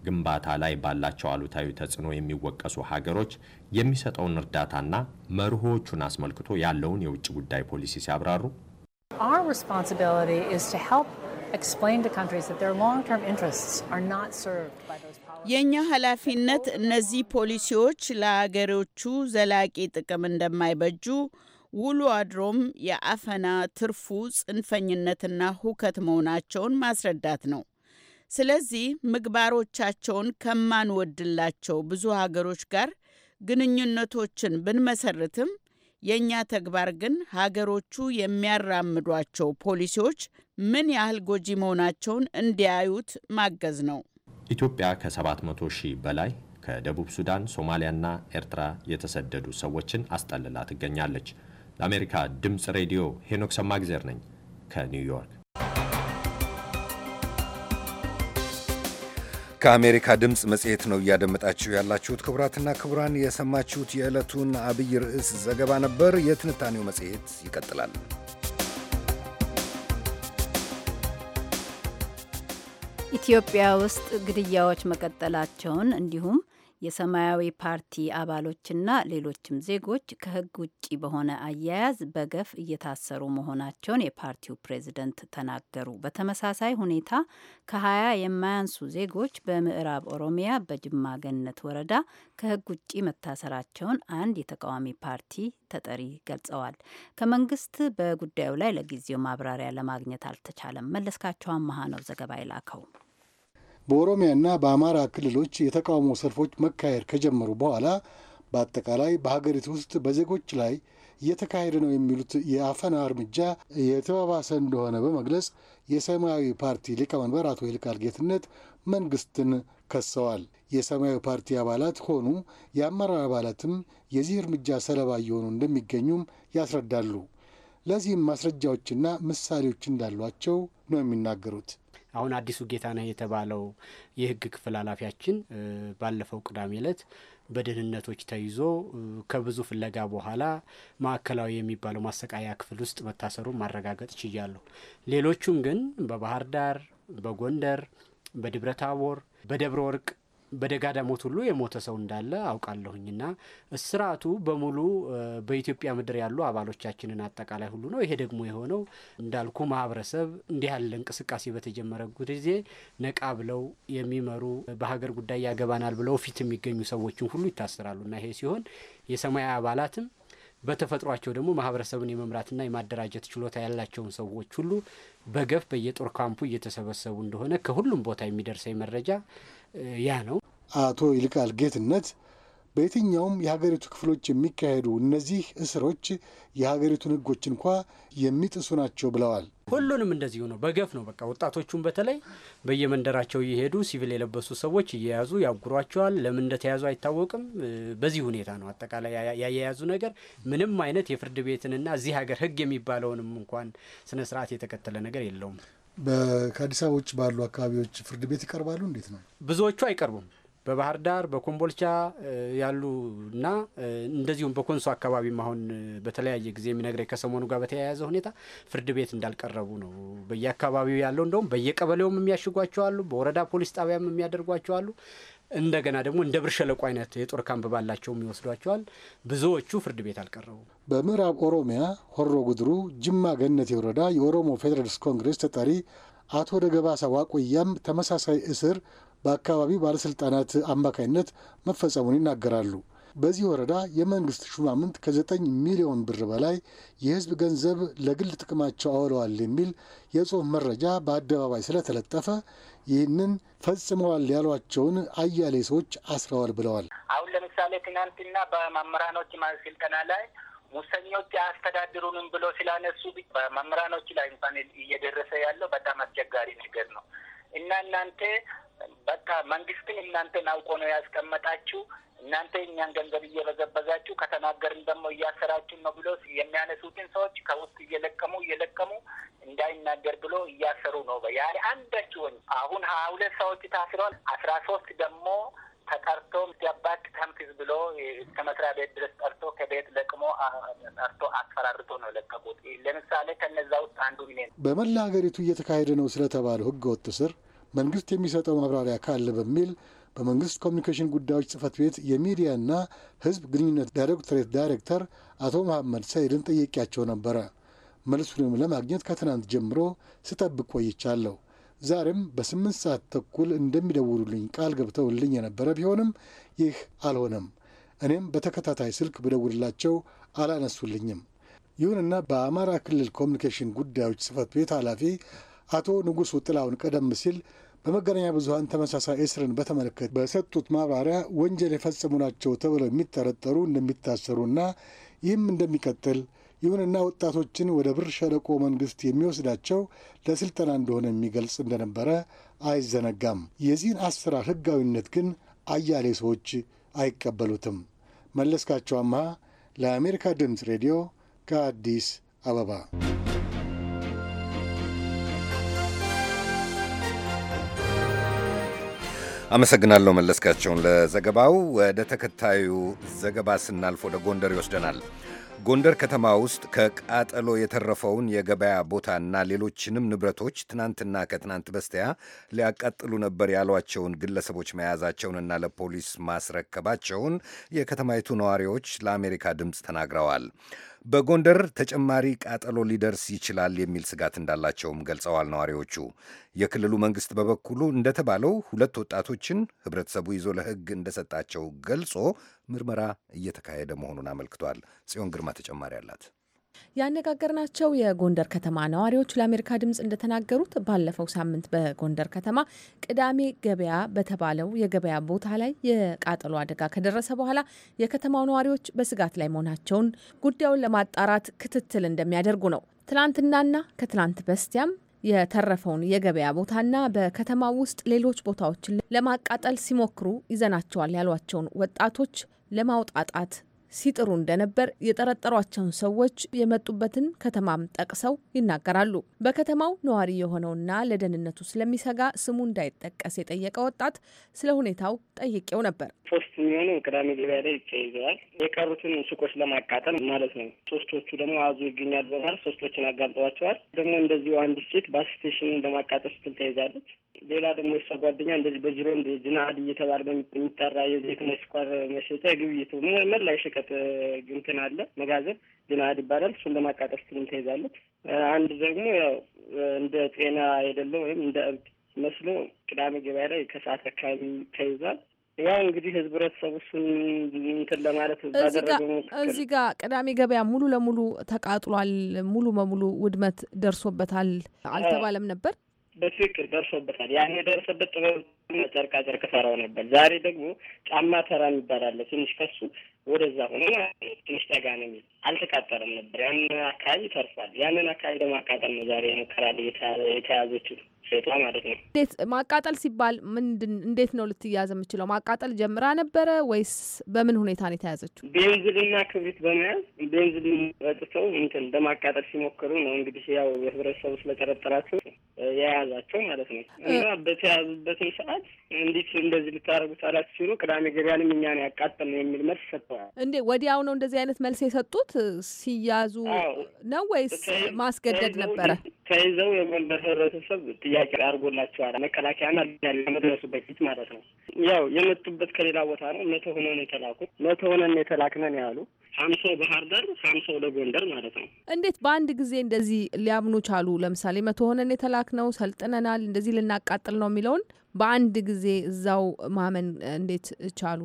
ግንባታ ላይ ባላቸው አሉታዊ ተጽዕኖ የሚወቀሱ ሀገሮች የሚሰጠውን እርዳታና መርሆቹን አስመልክቶ ያለውን የውጭ ጉዳይ ፖሊሲ ሲያብራሩ የእኛ ኃላፊነት እነዚህ ፖሊሲዎች ለሀገሮቹ ዘላቂ ጥቅም እንደማይበጁ ውሎ አድሮም የአፈና ትርፉ ጽንፈኝነትና ሁከት መሆናቸውን ማስረዳት ነው። ስለዚህ ምግባሮቻቸውን ከማንወድላቸው ብዙ ሀገሮች ጋር ግንኙነቶችን ብንመሰርትም የእኛ ተግባር ግን ሀገሮቹ የሚያራምዷቸው ፖሊሲዎች ምን ያህል ጎጂ መሆናቸውን እንዲያዩት ማገዝ ነው። ኢትዮጵያ ከ700 ሺህ በላይ ከደቡብ ሱዳን፣ ሶማሊያና ኤርትራ የተሰደዱ ሰዎችን አስጠልላ ትገኛለች። ለአሜሪካ ድምፅ ሬዲዮ ሄኖክ ሰማግዜር ነኝ ከኒውዮርክ። ከአሜሪካ ድምፅ መጽሔት ነው እያደመጣችሁ ያላችሁት። ክቡራትና ክቡራን የሰማችሁት የዕለቱን አብይ ርዕስ ዘገባ ነበር። የትንታኔው መጽሔት ይቀጥላል። ኢትዮጵያ ውስጥ ግድያዎች መቀጠላቸውን እንዲሁም የሰማያዊ ፓርቲ አባሎችና ሌሎችም ዜጎች ከሕግ ውጭ በሆነ አያያዝ በገፍ እየታሰሩ መሆናቸውን የፓርቲው ፕሬዝደንት ተናገሩ። በተመሳሳይ ሁኔታ ከሀያ የማያንሱ ዜጎች በምዕራብ ኦሮሚያ በጅማ ገነት ወረዳ ከሕግ ውጭ መታሰራቸውን አንድ የተቃዋሚ ፓርቲ ተጠሪ ገልጸዋል። ከመንግስት በጉዳዩ ላይ ለጊዜው ማብራሪያ ለማግኘት አልተቻለም። መለስካቸው አመሀ ነው ዘገባ የላከው። በኦሮሚያና በአማራ ክልሎች የተቃውሞ ሰልፎች መካሄድ ከጀመሩ በኋላ በአጠቃላይ በሀገሪቱ ውስጥ በዜጎች ላይ እየተካሄደ ነው የሚሉት የአፈና እርምጃ የተባባሰ እንደሆነ በመግለጽ የሰማያዊ ፓርቲ ሊቀመንበር አቶ ይልቃል ጌትነት መንግስትን ከሰዋል። የሰማያዊ ፓርቲ አባላት ሆኑ የአመራር አባላትም የዚህ እርምጃ ሰለባ እየሆኑ እንደሚገኙም ያስረዳሉ። ለዚህም ማስረጃዎችና ምሳሌዎች እንዳሏቸው ነው የሚናገሩት። አሁን አዲሱ ነህ የተባለው የህግ ክፍል ኃላፊያችን ባለፈው ቅዳሜ ዕለት በደህንነቶች ተይዞ ከብዙ ፍለጋ በኋላ ማዕከላዊ የሚባለው ማሰቃያ ክፍል ውስጥ መታሰሩ ማረጋገጥ ችያለሁ። ሌሎቹም ግን በባህር ዳር፣ በጎንደር፣ በድብረ ታቦር፣ በደብረ ወርቅ በደጋ ዳሞት ሁሉ የሞተ ሰው እንዳለ አውቃለሁኝና እስራቱ በሙሉ በኢትዮጵያ ምድር ያሉ አባሎቻችንን አጠቃላይ ሁሉ ነው። ይሄ ደግሞ የሆነው እንዳልኩ ማህበረሰብ እንዲህ ያለ እንቅስቃሴ በተጀመረ ጊዜ ነቃ ብለው የሚመሩ በሀገር ጉዳይ ያገባናል ብለው ፊት የሚገኙ ሰዎችን ሁሉ ይታሰራሉና ይሄ ሲሆን የሰማያዊ አባላትም በተፈጥሯቸው ደግሞ ማህበረሰብን የመምራትና የማደራጀት ችሎታ ያላቸውን ሰዎች ሁሉ በገፍ በየጦር ካምፑ እየተሰበሰቡ እንደሆነ ከሁሉም ቦታ የሚደርሰኝ መረጃ ያ ነው። አቶ ይልቃል ጌትነት በየትኛውም የሀገሪቱ ክፍሎች የሚካሄዱ እነዚህ እስሮች የሀገሪቱን ሕጎች እንኳ የሚጥሱ ናቸው ብለዋል። ሁሉንም እንደዚሁ ነው፣ በገፍ ነው። በቃ ወጣቶቹን በተለይ በየመንደራቸው እየሄዱ ሲቪል የለበሱ ሰዎች እየያዙ ያጉሯቸዋል። ለምን እንደተያዙ አይታወቅም። በዚህ ሁኔታ ነው አጠቃላይ ያያያዙ ነገር። ምንም አይነት የፍርድ ቤትንና እዚህ ሀገር ሕግ የሚባለውንም እንኳን ስነስርዓት የተከተለ ነገር የለውም። ከአዲስ አበባ ውጭ ባሉ አካባቢዎች ፍርድ ቤት ይቀርባሉ? እንዴት ነው? ብዙዎቹ አይቀርቡም። በባህር ዳር በኮምቦልቻ ያሉ እና እንደዚሁም በኮንሶ አካባቢም አሁን በተለያየ ጊዜ የሚነግረኝ ከሰሞኑ ጋር በተያያዘ ሁኔታ ፍርድ ቤት እንዳልቀረቡ ነው። በየአካባቢው ያለው እንደውም በየቀበሌውም የሚያሽጓቸዋሉ፣ በወረዳ ፖሊስ ጣቢያም የሚያደርጓቸዋሉ። እንደገና ደግሞ እንደ ብር ሸለቆ አይነት የጦር ካምፕ ባላቸውም ይወስዷቸዋል። ብዙዎቹ ፍርድ ቤት አልቀረቡም። በምዕራብ ኦሮሚያ ሆሮ ጉድሩ ጅማ ገነት የወረዳ የኦሮሞ ፌዴራልስ ኮንግሬስ ተጠሪ አቶ ደገባሳ ዋቆያም ተመሳሳይ እስር በአካባቢው ባለሥልጣናት አማካይነት መፈጸሙን ይናገራሉ። በዚህ ወረዳ የመንግስት ሹማምንት ከዘጠኝ ሚሊዮን ብር በላይ የህዝብ ገንዘብ ለግል ጥቅማቸው አውለዋል የሚል የጽሑፍ መረጃ በአደባባይ ስለተለጠፈ ይህንን ፈጽመዋል ያሏቸውን አያሌ ሰዎች አስረዋል ብለዋል። አሁን ለምሳሌ ትናንትና በመምህራኖች ስልጠና ላይ ሙሰኞች አያስተዳድሩንም ብሎ ስላነሱ በመምህራኖች ላይ እንኳን እየደረሰ ያለው በጣም አስቸጋሪ ነገር ነው እና እናንተ በቃ መንግስትን እናንተን አውቆ ነው ያስቀመጣችሁ እናንተ እኛን ገንዘብ እየበዘበዛችሁ ከተናገርን ደግሞ እያሰራችን ነው ብሎ የሚያነሱትን ሰዎች ከውስጥ እየለቀሙ እየለቀሙ እንዳይናገር ብሎ እያሰሩ ነው። ያለ አንዳች ወኝ አሁን ሀያ ሁለት ሰዎች ታስረዋል። አስራ ሶስት ደግሞ ተጠርቶ ሲያባክ ተንፊዝ ብሎ እስከ መስሪያ ቤት ድረስ ጠርቶ ከቤት ለቅሞ ጠርቶ አስፈራርቶ ነው ለቀቁት። ለምሳሌ ከነዛ ውስጥ አንዱ ሚኔ ነው። በመላ ሀገሪቱ እየተካሄደ ነው ስለተባለው ህገ ወጥ ስር መንግስት የሚሰጠው ማብራሪያ ካለ በሚል በመንግስት ኮሚኒኬሽን ጉዳዮች ጽህፈት ቤት የሚዲያና ህዝብ ግንኙነት ዳይሬክቶሬት ዳይሬክተር አቶ መሐመድ ሰይድን ጠየቂያቸው ነበረ። መልሱንም ለማግኘት ከትናንት ጀምሮ ስጠብቅ ቆይቻለሁ። ዛሬም በስምንት ሰዓት ተኩል እንደሚደውሉልኝ ቃል ገብተውልኝ የነበረ ቢሆንም ይህ አልሆነም። እኔም በተከታታይ ስልክ ብደውልላቸው አላነሱልኝም። ይሁንና በአማራ ክልል ኮሚኒኬሽን ጉዳዮች ጽህፈት ቤት ኃላፊ አቶ ንጉሱ ጥላውን ቀደም ሲል በመገናኛ ብዙኃን ተመሳሳይ እስርን በተመለከተ በሰጡት ማብራሪያ ወንጀል የፈጸሙ ናቸው ተብለው የሚጠረጠሩ እንደሚታሰሩና ይህም እንደሚቀጥል ይሁንና ወጣቶችን ወደ ብር ሸለቆ መንግስት የሚወስዳቸው ለስልጠና እንደሆነ የሚገልጽ እንደነበረ አይዘነጋም። የዚህን አሰራር ህጋዊነት ግን አያሌ ሰዎች አይቀበሉትም። መለስካቸው አምሃ ለአሜሪካ ድምፅ ሬዲዮ ከአዲስ አበባ አመሰግናለሁ መለስካቸውን ለዘገባው። ወደ ተከታዩ ዘገባ ስናልፍ ወደ ጎንደር ይወስደናል። ጎንደር ከተማ ውስጥ ከቃጠሎ የተረፈውን የገበያ ቦታና ሌሎችንም ንብረቶች ትናንትና ከትናንት በስቲያ ሊያቃጥሉ ነበር ያሏቸውን ግለሰቦች መያዛቸውንና ለፖሊስ ማስረከባቸውን የከተማይቱ ነዋሪዎች ለአሜሪካ ድምፅ ተናግረዋል። በጎንደር ተጨማሪ ቃጠሎ ሊደርስ ይችላል የሚል ስጋት እንዳላቸውም ገልጸዋል ነዋሪዎቹ። የክልሉ መንግስት በበኩሉ እንደተባለው ሁለት ወጣቶችን ህብረተሰቡ ይዞ ለህግ እንደሰጣቸው ገልጾ ምርመራ እየተካሄደ መሆኑን አመልክቷል። ጽዮን ግርማ ተጨማሪ አላት። ያነጋገርናቸው የጎንደር ከተማ ነዋሪዎች ለአሜሪካ ድምጽ እንደተናገሩት ባለፈው ሳምንት በጎንደር ከተማ ቅዳሜ ገበያ በተባለው የገበያ ቦታ ላይ የቃጠሎ አደጋ ከደረሰ በኋላ የከተማው ነዋሪዎች በስጋት ላይ መሆናቸውን ጉዳዩን ለማጣራት ክትትል እንደሚያደርጉ ነው። ትናንትናና ከትናንት በስቲያም የተረፈውን የገበያ ቦታና በከተማ ውስጥ ሌሎች ቦታዎችን ለማቃጠል ሲሞክሩ ይዘናቸዋል ያሏቸውን ወጣቶች ለማውጣጣት ሲጥሩ እንደነበር የጠረጠሯቸውን ሰዎች የመጡበትን ከተማም ጠቅሰው ይናገራሉ። በከተማው ነዋሪ የሆነውና ለደህንነቱ ስለሚሰጋ ስሙ እንዳይጠቀስ የጠየቀ ወጣት ስለ ሁኔታው ጠይቄው ነበር። ሶስት የሚሆኑ ቅዳሜ ገበያ ላይ ተይዘዋል። የቀሩትን ሱቆች ለማቃጠል ማለት ነው። ሶስቶቹ ደግሞ አዙ ይገኛል በማለት ሶስቶችን አጋልጠዋቸዋል። ደግሞ እንደዚሁ አንድ ሴት ባስ ስቴሽኑን ለማቃጠል ስትል ተይዛለች። ሌላ ደግሞ የሷ ጓደኛ እንደዚህ በጅሮም ጅናሀድ እየተባለ የሚጠራ የዘይት ስኳር መሸጫ የግብይቱ መላ የሸቀጥ ግንትን አለ መጋዘን ጅናሀድ ይባላል። እሱን ለማቃጠል ስትልም ተይዛለች። አንድ ደግሞ ያው እንደ ጤና የሌለው ወይም እንደ እብድ መስሎ ቅዳሜ ገበያ ላይ ከሰዓት አካባቢ ተይዟል። ያው እንግዲህ ህብረተሰቡ እሱን እንትን ለማለት እዚህ ጋ ቅዳሜ ገበያ ሙሉ ለሙሉ ተቃጥሏል፣ ሙሉ በሙሉ ውድመት ደርሶበታል አልተባለም ነበር። በትክክል ደርሶበታል። ያን የደረሰበት ጥበብ ጨርቃ ጨርቅ ሰራው ነበር። ዛሬ ደግሞ ጫማ ተራ የሚባላለ ትንሽ ከሱ ወደዛ ሆኖ ትንሽ ጠጋ ነው የሚል አልተቃጠለም ነበር። ያንን አካባቢ ተርፏል። ያንን አካባቢ ለማቃጠል ነው ዛሬ ሙከራ የተያዘችው። ሴቷ ማለት ነው። እንዴት ማቃጠል ሲባል ምንድን እንዴት ነው ልትያዝ የምችለው? ማቃጠል ጀምራ ነበረ ወይስ በምን ሁኔታ ነው የተያዘችው? ቤንዚልና ክብሪት በመያዝ ቤንዝል ረጥተው እንትን ለማቃጠል ሲሞክሩ ነው እንግዲህ ያው የህብረተሰቡ ስለጠረጠራቸው የያዛቸው ማለት ነው። እና በተያዙበትም ሰዓት እንዴት እንደዚህ ልታደርጉት አላችሁ ሲሉ ቅዳሜ ገበያንም እኛን ያቃጠል ነው የሚል መልስ ሰጥተዋል። እንዴ ወዲያው ነው እንደዚህ አይነት መልስ የሰጡት? ሲያዙ ነው ወይስ ማስገደድ ነበረ? ተይዘው የጎንደር ህብረተሰብ ጥያቄ ጥያቄ አድርጎላቸዋል። መከላከያና ለመድረሱ በፊት ማለት ነው። ያው የመጡበት ከሌላ ቦታ ነው። መቶ ሆነን የተላኩት መቶ ሆነን የተላክነን ያሉ ሀምሳው ባህር ዳር ሀምሳው ለጎንደር ማለት ነው። እንዴት በአንድ ጊዜ እንደዚህ ሊያምኑ ቻሉ? ለምሳሌ መቶ ሆነን የተላክነው ሰልጥነናል፣ እንደዚህ ልናቃጥል ነው የሚለውን በአንድ ጊዜ እዛው ማመን እንዴት ቻሉ?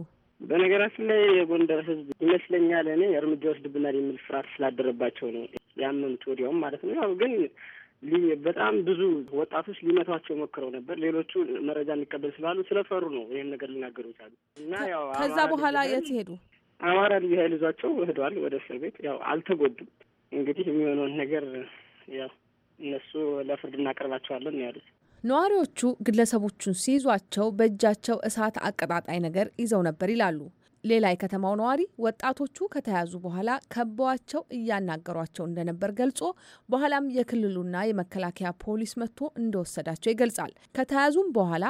በነገራችን ላይ የጎንደር ህዝብ ይመስለኛል እኔ እርምጃ ወስድብናል የሚል ፍርሃት ስላደረባቸው ነው ያመኑት ወዲያውም ማለት ነው። ያው ግን በጣም ብዙ ወጣቶች ሊመቷቸው ሞክረው ነበር። ሌሎቹ መረጃ እንቀበል ስላሉ ስለፈሩ ነው ይህን ነገር ሊናገሩ ይቻሉ እና ያው ከዛ በኋላ የት ሄዱ? አማራ ልዩ ኃይል ይዟቸው ሄደዋል ወደ እስር ቤት። ያው አልተጎዱም። እንግዲህ የሚሆነውን ነገር ያው እነሱ ለፍርድ እናቀርባቸዋለን ያሉት ነዋሪዎቹ ግለሰቦቹን ሲይዟቸው በእጃቸው እሳት አቀጣጣይ ነገር ይዘው ነበር ይላሉ። ሌላ የከተማው ነዋሪ ወጣቶቹ ከተያዙ በኋላ ከበዋቸው እያናገሯቸው እንደነበር ገልጾ በኋላም የክልሉና የመከላከያ ፖሊስ መጥቶ እንደወሰዳቸው ይገልጻል። ከተያዙም በኋላ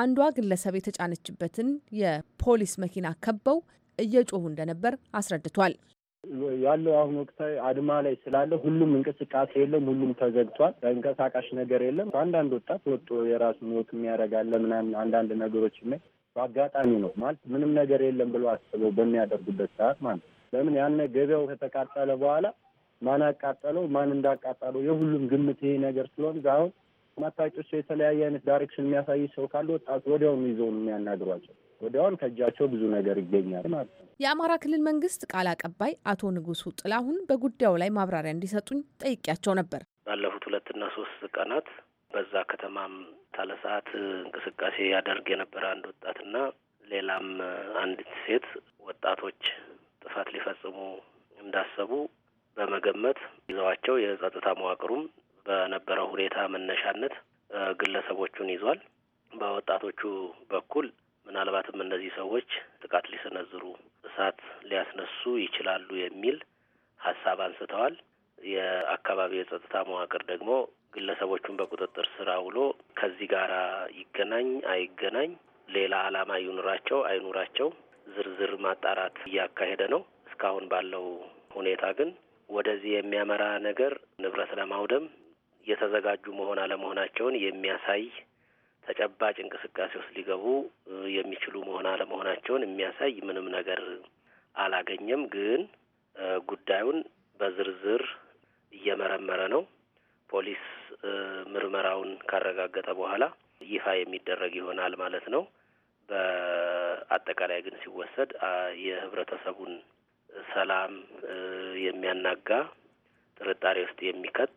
አንዷ ግለሰብ የተጫነችበትን የፖሊስ መኪና ከበው እየጮሁ እንደነበር አስረድቷል። ያለው አሁን ወቅታዊ አድማ ላይ ስላለ ሁሉም እንቅስቃሴ የለም። ሁሉም ተዘግቷል። ተንቀሳቃሽ ነገር የለም። አንዳንድ ወጣት ወጦ የራሱን ወክ የሚያደርጋለ ምናምን አንዳንድ ነገሮች ላይ በአጋጣሚ ነው ማለት ምንም ነገር የለም ብሎ አስበው በሚያደርጉበት ሰዓት ማለት ለምን ያነ ገበያው ከተቃጠለ በኋላ ማን አቃጠለው ማን እንዳቃጠለው የሁሉም ግምት ይሄ ነገር ስለሆን አሁን ማታቂዎች የተለያየ አይነት ዳይሬክሽን የሚያሳይ ሰው ካለ ወጣቱ ወዲያውኑ ይዘውን የሚያናግሯቸው ወዲያውን ከእጃቸው ብዙ ነገር ይገኛል ማለት ነው። የአማራ ክልል መንግስት ቃል አቀባይ አቶ ንጉሱ ጥላሁን በጉዳዩ ላይ ማብራሪያ እንዲሰጡኝ ጠይቄያቸው ነበር። ባለፉት ሁለትና ሶስት ቀናት በዛ ከተማም ታለሰዓት እንቅስቃሴ ያደርግ የነበረ አንድ ወጣትና ሌላም አንዲት ሴት ወጣቶች ጥፋት ሊፈጽሙ እንዳሰቡ በመገመት ይዘዋቸው የጸጥታ መዋቅሩም በነበረው ሁኔታ መነሻነት ግለሰቦቹን ይዟል። በወጣቶቹ በኩል ምናልባትም እነዚህ ሰዎች ጥቃት ሊሰነዝሩ፣ እሳት ሊያስነሱ ይችላሉ የሚል ሀሳብ አንስተዋል። የአካባቢ የጸጥታ መዋቅር ደግሞ ግለሰቦቹን በቁጥጥር ስር አውሎ ከዚህ ጋር ይገናኝ አይገናኝ፣ ሌላ ዓላማ ይኑራቸው አይኑራቸው ዝርዝር ማጣራት እያካሄደ ነው። እስካሁን ባለው ሁኔታ ግን ወደዚህ የሚያመራ ነገር ንብረት ለማውደም የተዘጋጁ መሆን አለመሆናቸውን የሚያሳይ ተጨባጭ እንቅስቃሴ ውስጥ ሊገቡ የሚችሉ መሆን አለመሆናቸውን የሚያሳይ ምንም ነገር አላገኘም። ግን ጉዳዩን በዝርዝር እየመረመረ ነው። ፖሊስ ምርመራውን ካረጋገጠ በኋላ ይፋ የሚደረግ ይሆናል ማለት ነው። በአጠቃላይ ግን ሲወሰድ የህብረተሰቡን ሰላም የሚያናጋ ጥርጣሬ ውስጥ የሚከት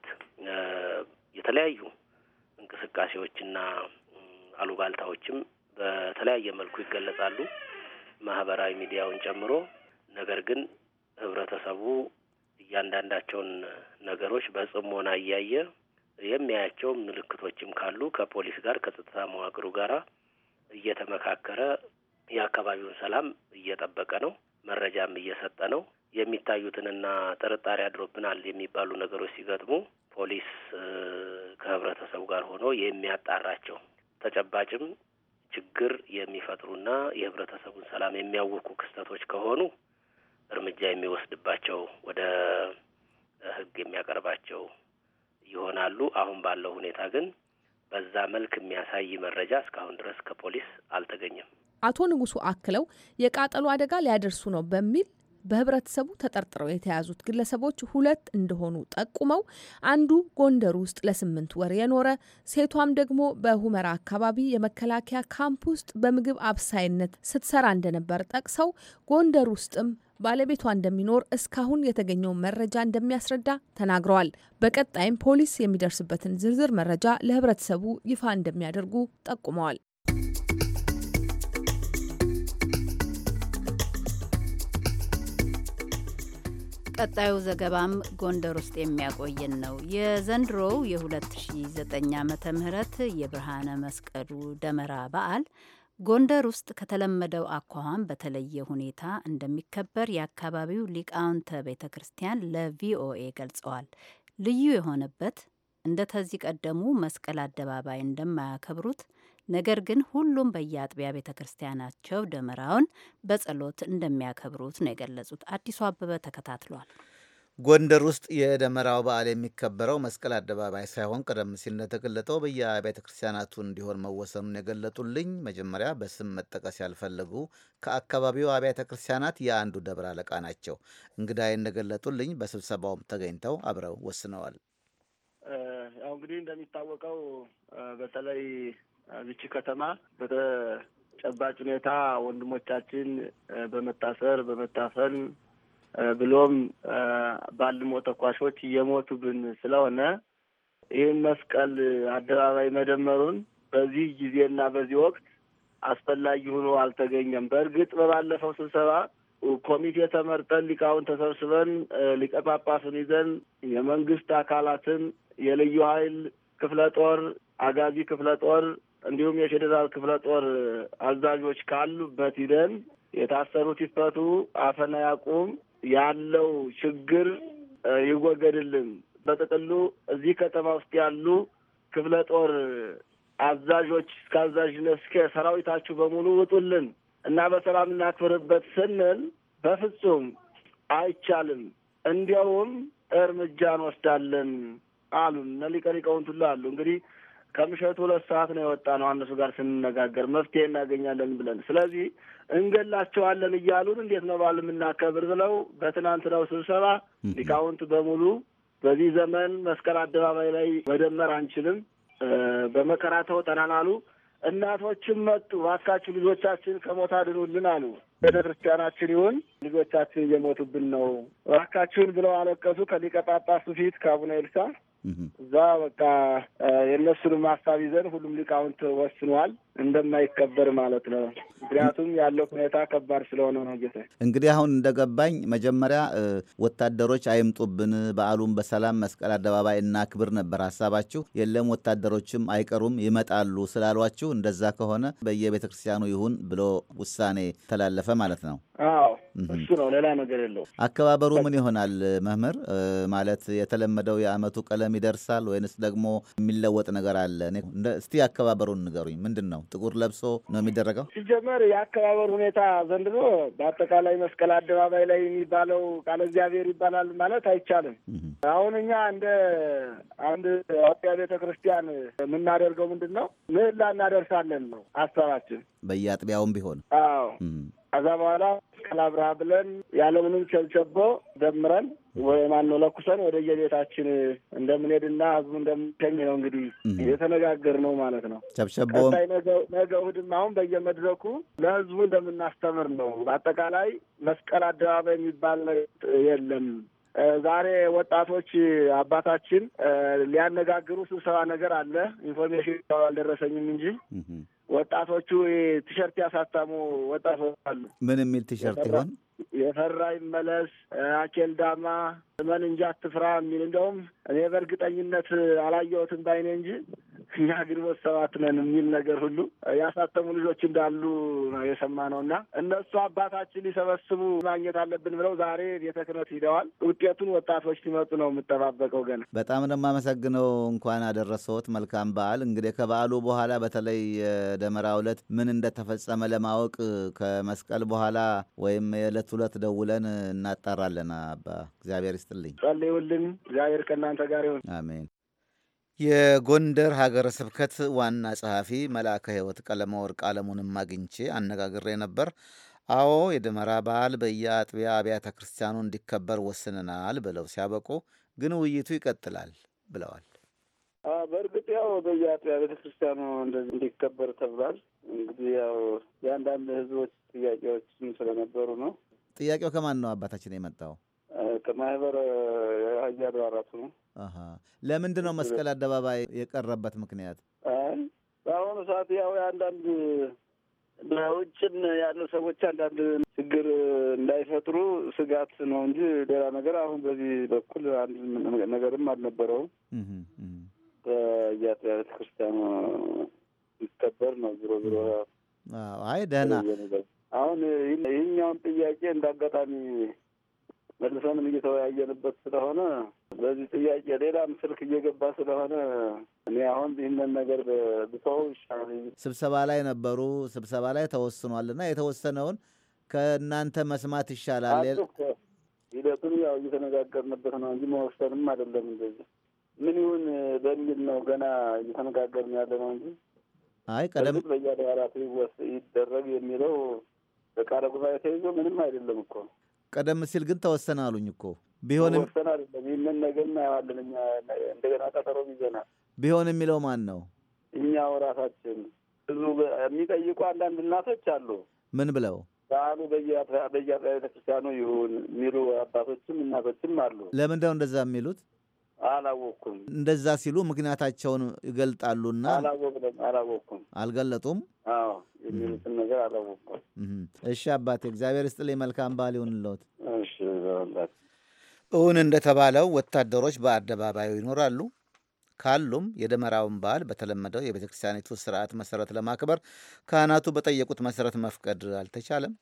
የተለያዩ እንቅስቃሴዎችና አሉባልታዎችም በተለያየ መልኩ ይገለጻሉ ማህበራዊ ሚዲያውን ጨምሮ። ነገር ግን ህብረተሰቡ እያንዳንዳቸውን ነገሮች በጽሞና እያየ የሚያያቸው ምልክቶችም ካሉ ከፖሊስ ጋር ከጸጥታ መዋቅሩ ጋራ እየተመካከረ የአካባቢውን ሰላም እየጠበቀ ነው። መረጃም እየሰጠ ነው። የሚታዩትንና ጥርጣሬ አድሮብናል የሚባሉ ነገሮች ሲገጥሙ ፖሊስ ከህብረተሰቡ ጋር ሆኖ የሚያጣራቸው ተጨባጭም ችግር የሚፈጥሩና የህብረተሰቡን ሰላም የሚያውኩ ክስተቶች ከሆኑ እርምጃ የሚወስድባቸው ወደ ህግ የሚያቀርባቸው ይሆናሉ። አሁን ባለው ሁኔታ ግን በዛ መልክ የሚያሳይ መረጃ እስካሁን ድረስ ከፖሊስ አልተገኘም። አቶ ንጉሱ አክለው የቃጠሎ አደጋ ሊያደርሱ ነው በሚል በህብረተሰቡ ተጠርጥረው የተያዙት ግለሰቦች ሁለት እንደሆኑ ጠቁመው አንዱ ጎንደር ውስጥ ለስምንት ወር የኖረ ሴቷም ደግሞ በሁመራ አካባቢ የመከላከያ ካምፕ ውስጥ በምግብ አብሳይነት ስትሰራ እንደነበር ጠቅሰው ጎንደር ውስጥም ባለቤቷ እንደሚኖር እስካሁን የተገኘው መረጃ እንደሚያስረዳ ተናግረዋል። በቀጣይም ፖሊስ የሚደርስበትን ዝርዝር መረጃ ለህብረተሰቡ ይፋ እንደሚያደርጉ ጠቁመዋል። ቀጣዩ ዘገባም ጎንደር ውስጥ የሚያቆየን ነው። የዘንድሮው የ2009 ዓ ም የብርሃነ መስቀሉ ደመራ በዓል ጎንደር ውስጥ ከተለመደው አኳኋን በተለየ ሁኔታ እንደሚከበር የአካባቢው ሊቃውንተ ቤተ ክርስቲያን ለቪኦኤ ገልጸዋል። ልዩ የሆነበት እንደ ተዚህ ቀደሙ መስቀል አደባባይ እንደማያከብሩት ነገር ግን ሁሉም በየአጥቢያ ቤተ ክርስቲያናቸው ደመራውን በጸሎት እንደሚያከብሩት ነው የገለጹት። አዲሱ አበበ ተከታትሏል። ጎንደር ውስጥ የደመራው በዓል የሚከበረው መስቀል አደባባይ ሳይሆን ቀደም ሲል እንደተገለጠው በየቤተ ክርስቲያናቱ እንዲሆን መወሰኑን የገለጡልኝ መጀመሪያ በስም መጠቀስ ያልፈለጉ ከአካባቢው አብያተ ክርስቲያናት የአንዱ ደብረ አለቃ ናቸው። እንግዳዬ እንደገለጡልኝ በስብሰባውም ተገኝተው አብረው ወስነዋል። ያው እንግዲህ እንደሚታወቀው በተለይ ዝቺ ከተማ በተጨባጭ ሁኔታ ወንድሞቻችን በመታሰር በመታፈን ብሎም ባልሞ ተኳሾች እየሞቱብን ስለሆነ ይህን መስቀል አደባባይ መደመሩን በዚህ ጊዜና በዚህ ወቅት አስፈላጊ ሆኖ አልተገኘም። በእርግጥ በባለፈው ስብሰባ ኮሚቴ ተመርጠን ሊቃውን ተሰብስበን ሊቀ ጳጳስን ይዘን የመንግስት አካላትን የልዩ ኃይል ክፍለ ጦር፣ አጋዚ ክፍለ ጦር እንዲሁም የፌዴራል ክፍለ ጦር አዛዦች ካሉበት ሂደን የታሰሩት ይፈቱ፣ አፈና ያቁም፣ ያለው ችግር ይወገድልን። በጥቅሉ እዚህ ከተማ ውስጥ ያሉ ክፍለ ጦር አዛዦች እስከ አዛዥነት እስከ ሰራዊታችሁ በሙሉ ውጡልን እና በሰላም እናክብርበት ስንል በፍጹም አይቻልም፣ እንዲያውም እርምጃ እንወስዳለን አሉን። እነ ሊቀ ሊቃውንት ሁሉ አሉ እንግዲህ ከምሸቱ ሁለት ሰዓት ነው የወጣ ነው እነሱ ጋር ስንነጋገር መፍትሄ እናገኛለን ብለን። ስለዚህ እንገላቸዋለን እያሉን እንዴት ነው በዓል የምናከብር ብለው በትናንት ነው ስብሰባ ሊቃውንት በሙሉ በዚህ ዘመን መስቀል አደባባይ ላይ መደመር አንችልም፣ በመከራ ተውጠናል አሉ። እናቶችም መጡ፣ እባካችሁ ልጆቻችን ከሞት አድኑልን አሉ። ቤተ ክርስቲያናችን ይሁን ልጆቻችን እየሞቱብን ነው፣ እባካችሁን ብለው አለቀሱ። ከሊቀ ጳጳሱ ፊት ከአቡነ ኤልሳ እዛ በቃ የእነሱንም ሀሳብ ይዘን ሁሉም ሊቃውንት ወስነዋል። እንደማይከበር ማለት ነው። ምክንያቱም ያለው ሁኔታ ከባድ ስለሆነ ነው። ጌታ እንግዲህ አሁን እንደገባኝ መጀመሪያ ወታደሮች አይምጡብን፣ በዓሉም በሰላም መስቀል አደባባይ እና ክብር ነበር ሀሳባችሁ። የለም ወታደሮችም አይቀሩም ይመጣሉ ስላሏችሁ እንደዛ ከሆነ በየቤተ ክርስቲያኑ ይሁን ብሎ ውሳኔ ተላለፈ ማለት ነው። አዎ እሱ ነው፣ ሌላ ነገር የለው። አከባበሩ ምን ይሆናል መምህር? ማለት የተለመደው የአመቱ ቀለም ይደርሳል ወይንስ ደግሞ የሚለወጥ ነገር አለ? እስቲ አከባበሩን ንገሩኝ፣ ምንድን ነው? ጥቁር ለብሶ ነው የሚደረገው። ሲጀመር የአከባበር ሁኔታ ዘንድሮ በአጠቃላይ መስቀል አደባባይ ላይ የሚባለው ቃለ እግዚአብሔር ይባላል ማለት አይቻልም። አሁን እኛ እንደ አንድ አጥቢያ ቤተ ክርስቲያን የምናደርገው ምንድን ነው? ምህላ እናደርሳለን ነው ሀሳባችን በየአጥቢያውም ቢሆን አዎ ከዛ በኋላ ቀላብራ ብለን ያለምንም ቸብቸቦ ደምረን ወይ ማን ለኩሰን ወደ የቤታችን እንደምንሄድና ህዝቡ እንደምንተኝ ነው እንግዲህ የተነጋገር ነው ማለት ነው። ቸብቸቦ ነገ እሑድም አሁን በየመድረኩ ለህዝቡ እንደምናስተምር ነው። በአጠቃላይ መስቀል አደባባይ የሚባል የለም። ዛሬ ወጣቶች አባታችን ሊያነጋግሩ ስብሰባ ነገር አለ ኢንፎርሜሽን አልደረሰኝም እንጂ ወጣቶቹ ቲሸርት ያሳተሙ ወጣቶች አሉ። ምን የሚል ቲሸርት ይሆን? የፈራ ይመለስ፣ አኬል ዳማ፣ መን እንጃ አትፍራ የሚል እንደውም እኔ በእርግጠኝነት አላየሁትም ባይኔ እንጂ እኛ ግንቦት ሰባት ነን የሚል ነገር ሁሉ ያሳተሙ ልጆች እንዳሉ ነው ነው እና እነሱ አባታችን ሊሰበስቡ ማግኘት አለብን ብለው ዛሬ ቤተ ክህነት ሂደዋል። ውጤቱን ወጣቶች ሲመጡ ነው የምጠባበቀው። ገና በጣም ነው የማመሰግነው። እንኳን አደረሰዎት። መልካም በዓል። እንግዲህ ከበዓሉ በኋላ በተለይ የደመራ ዕለት ምን እንደተፈጸመ ለማወቅ ከመስቀል በኋላ ወይም የዕለት ሁለት ደውለን እናጣራለን። አባ እግዚአብሔር ይስጥልኝ፣ ጸልዩልን። እግዚአብሔር ከእናንተ ጋር ይሁን። አሜን። የጎንደር ሀገረ ስብከት ዋና ጸሐፊ መልአከ ሕይወት ቀለመ ወርቅ አለሙንም አግኝቼ አነጋግሬ ነበር። አዎ የደመራ በዓል በየአጥቢያ አብያተ ክርስቲያኑ እንዲከበር ወስነናል ብለው ሲያበቁ፣ ግን ውይይቱ ይቀጥላል ብለዋል። በእርግጥ ያው በየአጥቢያ ቤተ ክርስቲያኑ እንደዚህ እንዲከበር ተብሏል። እንግዲህ ያው የአንዳንድ ህዝቦች ጥያቄዎችም ስለነበሩ ነው። ጥያቄው ከማን ነው አባታችን የመጣው? ከማህበር አያዱ አራቱ ነው። ለምንድን ነው መስቀል አደባባይ የቀረበት ምክንያት? በአሁኑ ሰዓት ያው አንዳንድ በውጭን ያሉ ሰዎች አንዳንድ ችግር እንዳይፈጥሩ ስጋት ነው እንጂ ሌላ ነገር አሁን በዚህ በኩል አንድ ነገርም አልነበረውም። በአያት ቤተክርስቲያኑ ይከበር ነው ዝሮ ዝሮ። አይ ደህና አሁን ይህኛውን ጥያቄ እንዳጋጣሚ መልሰንም እየተወያየንበት ስለሆነ በዚህ ጥያቄ ሌላም ስልክ እየገባ ስለሆነ እኔ አሁን ይህንን ነገር ብተው ይሻላል። ስብሰባ ላይ ነበሩ። ስብሰባ ላይ ተወስኗል እና የተወሰነውን ከእናንተ መስማት ይሻላል። ሂደቱን ያው እየተነጋገርንበት ነው እንጂ መወሰንም አይደለም እንደዚህ ምን ይሁን በሚል ነው ገና እየተነጋገርን ያለ ነው እንጂ አይ ቀደም በየአድባራቱ ይደረግ የሚለው በቃለ ጉባኤ ተይዞ ምንም አይደለም እኮ ቀደም ሲል ግን ተወሰነ አሉኝ እኮ ቢሆንም ይህንን ነገር እናየዋለን እኛ እንደገና ቀጠሮ ይዘናል። ቢሆን የሚለው ማን ነው? እኛው ራሳችን። ብዙ የሚጠይቁ አንዳንድ እናቶች አሉ። ምን ብለው በዓሉ በየአብያተ ክርስቲያኑ ይሁን የሚሉ አባቶችም እናቶችም አሉ። ለምንድነው እንደዛ የሚሉት? አላወቅኩም። እንደዛ ሲሉ ምክንያታቸውን ይገልጣሉና አላወቅም አላወቅኩም አልገለጡም። አዎ የሚሉትን ነገር አላወቅኩም። እሺ አባቴ እግዚአብሔር ይስጥልኝ። መልካም በዓል ይሁንልዎት። እሺ እውን እንደተባለው ወታደሮች በአደባባዩ ይኖራሉ። ካሉም የደመራውን በዓል በተለመደው የቤተ ክርስቲያኒቱ ስርዓት መሰረት ለማክበር ካህናቱ በጠየቁት መሰረት መፍቀድ አልተቻለም።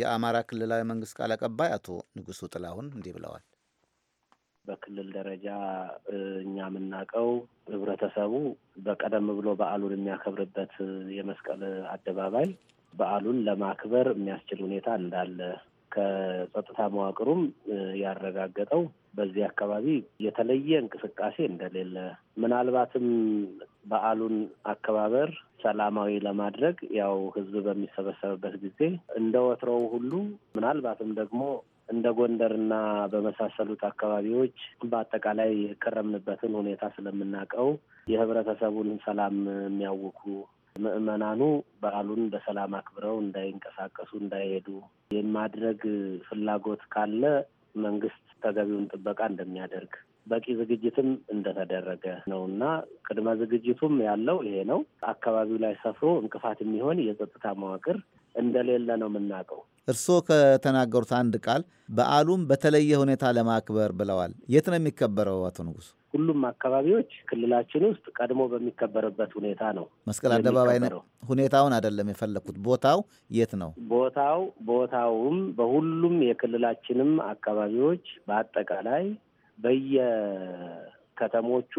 የአማራ ክልላዊ መንግስት ቃል አቀባይ አቶ ንጉሱ ጥላሁን እንዲህ ብለዋል። በክልል ደረጃ እኛ የምናውቀው ህብረተሰቡ በቀደም ብሎ በዓሉን የሚያከብርበት የመስቀል አደባባይ በዓሉን ለማክበር የሚያስችል ሁኔታ እንዳለ ከጸጥታ መዋቅሩም ያረጋገጠው በዚህ አካባቢ የተለየ እንቅስቃሴ እንደሌለ ምናልባትም በዓሉን አከባበር ሰላማዊ ለማድረግ ያው ህዝብ በሚሰበሰብበት ጊዜ እንደ ወትሮው ሁሉ ምናልባትም ደግሞ እንደ ጎንደርና በመሳሰሉት አካባቢዎች በአጠቃላይ የከረምንበትን ሁኔታ ስለምናውቀው የህብረተሰቡን ሰላም የሚያውኩ ምዕመናኑ በዓሉን በሰላም አክብረው እንዳይንቀሳቀሱ እንዳይሄዱ የማድረግ ፍላጎት ካለ መንግስት ተገቢውን ጥበቃ እንደሚያደርግ በቂ ዝግጅትም እንደተደረገ ነው እና ቅድመ ዝግጅቱም ያለው ይሄ ነው። አካባቢው ላይ ሰፍሮ እንቅፋት የሚሆን የጸጥታ መዋቅር እንደሌለ ነው የምናውቀው። እርስዎ ከተናገሩት አንድ ቃል በዓሉም በተለየ ሁኔታ ለማክበር ብለዋል። የት ነው የሚከበረው አቶ ንጉሱ? ሁሉም አካባቢዎች ክልላችን ውስጥ ቀድሞ በሚከበርበት ሁኔታ ነው። መስቀል አደባባይ ሁኔታውን አይደለም የፈለግኩት፣ ቦታው የት ነው? ቦታው ቦታውም በሁሉም የክልላችንም አካባቢዎች በአጠቃላይ በየከተሞቹ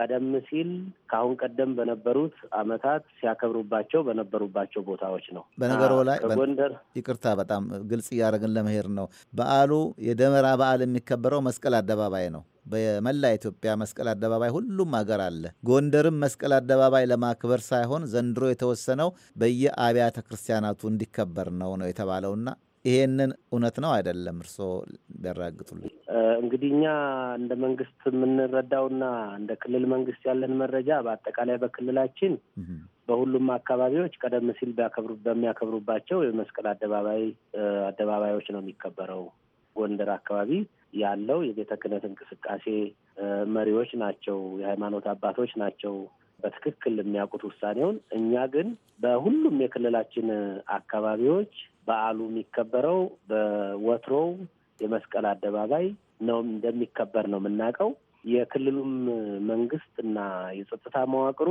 ቀደም ሲል ከአሁን ቀደም በነበሩት አመታት ሲያከብሩባቸው በነበሩባቸው ቦታዎች ነው። በነገሮ ላይ ጎንደር ይቅርታ፣ በጣም ግልጽ እያደረግን ለመሄድ ነው። በዓሉ የደመራ በዓል የሚከበረው መስቀል አደባባይ ነው። በመላ ኢትዮጵያ መስቀል አደባባይ ሁሉም ሀገር አለ። ጎንደርም መስቀል አደባባይ ለማክበር ሳይሆን ዘንድሮ የተወሰነው በየአብያተ ክርስቲያናቱ እንዲከበር ነው ነው የተባለውና ይሄንን እውነት ነው አይደለም? እርስዎ ቢያረጋግጡልኝ። እንግዲህ እኛ እንደ መንግስት የምንረዳውና እንደ ክልል መንግስት ያለን መረጃ በአጠቃላይ በክልላችን በሁሉም አካባቢዎች ቀደም ሲል በሚያከብሩባቸው የመስቀል አደባባይ አደባባዮች ነው የሚከበረው። ጎንደር አካባቢ ያለው የቤተ ክህነት እንቅስቃሴ መሪዎች ናቸው፣ የሃይማኖት አባቶች ናቸው በትክክል የሚያውቁት ውሳኔውን። እኛ ግን በሁሉም የክልላችን አካባቢዎች በዓሉ የሚከበረው በወትሮው የመስቀል አደባባይ ነው እንደሚከበር ነው የምናውቀው። የክልሉም መንግስት እና የጸጥታ መዋቅሩ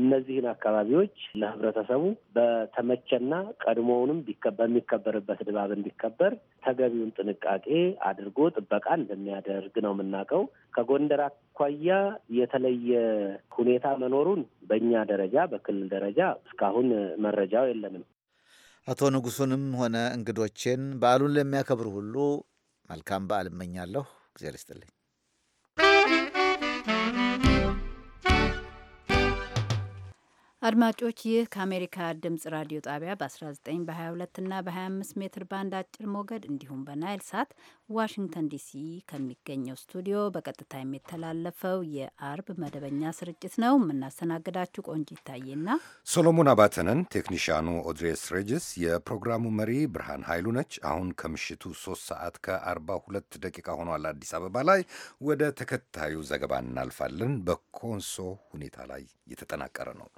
እነዚህን አካባቢዎች ለህብረተሰቡ በተመቸና ቀድሞውንም በሚከበርበት ድባብ እንዲከበር ተገቢውን ጥንቃቄ አድርጎ ጥበቃ እንደሚያደርግ ነው የምናውቀው። ከጎንደር አኳያ የተለየ ሁኔታ መኖሩን በእኛ ደረጃ በክልል ደረጃ እስካሁን መረጃው የለንም። አቶ ንጉሱንም ሆነ እንግዶቼን በዓሉን ለሚያከብሩ ሁሉ መልካም በዓል እመኛለሁ። እግዚአብሔር ይስጥልኝ። አድማጮች ይህ ከአሜሪካ ድምጽ ራዲዮ ጣቢያ በ19 በ22 እና በ25 ሜትር ባንድ አጭር ሞገድ እንዲሁም በናይል ሳት ዋሽንግተን ዲሲ ከሚገኘው ስቱዲዮ በቀጥታ የሚተላለፈው የአርብ መደበኛ ስርጭት ነው። የምናስተናግዳችሁ ቆንጂ ይታየና ሶሎሞን አባተነን። ቴክኒሽያኑ ኦድሬስ ሬጅስ፣ የፕሮግራሙ መሪ ብርሃን ኃይሉ ነች። አሁን ከምሽቱ 3 ሰዓት ከ42 ደቂቃ ሆኗል አዲስ አበባ ላይ። ወደ ተከታዩ ዘገባ እናልፋለን። በኮንሶ ሁኔታ ላይ የተጠናቀረ ነው።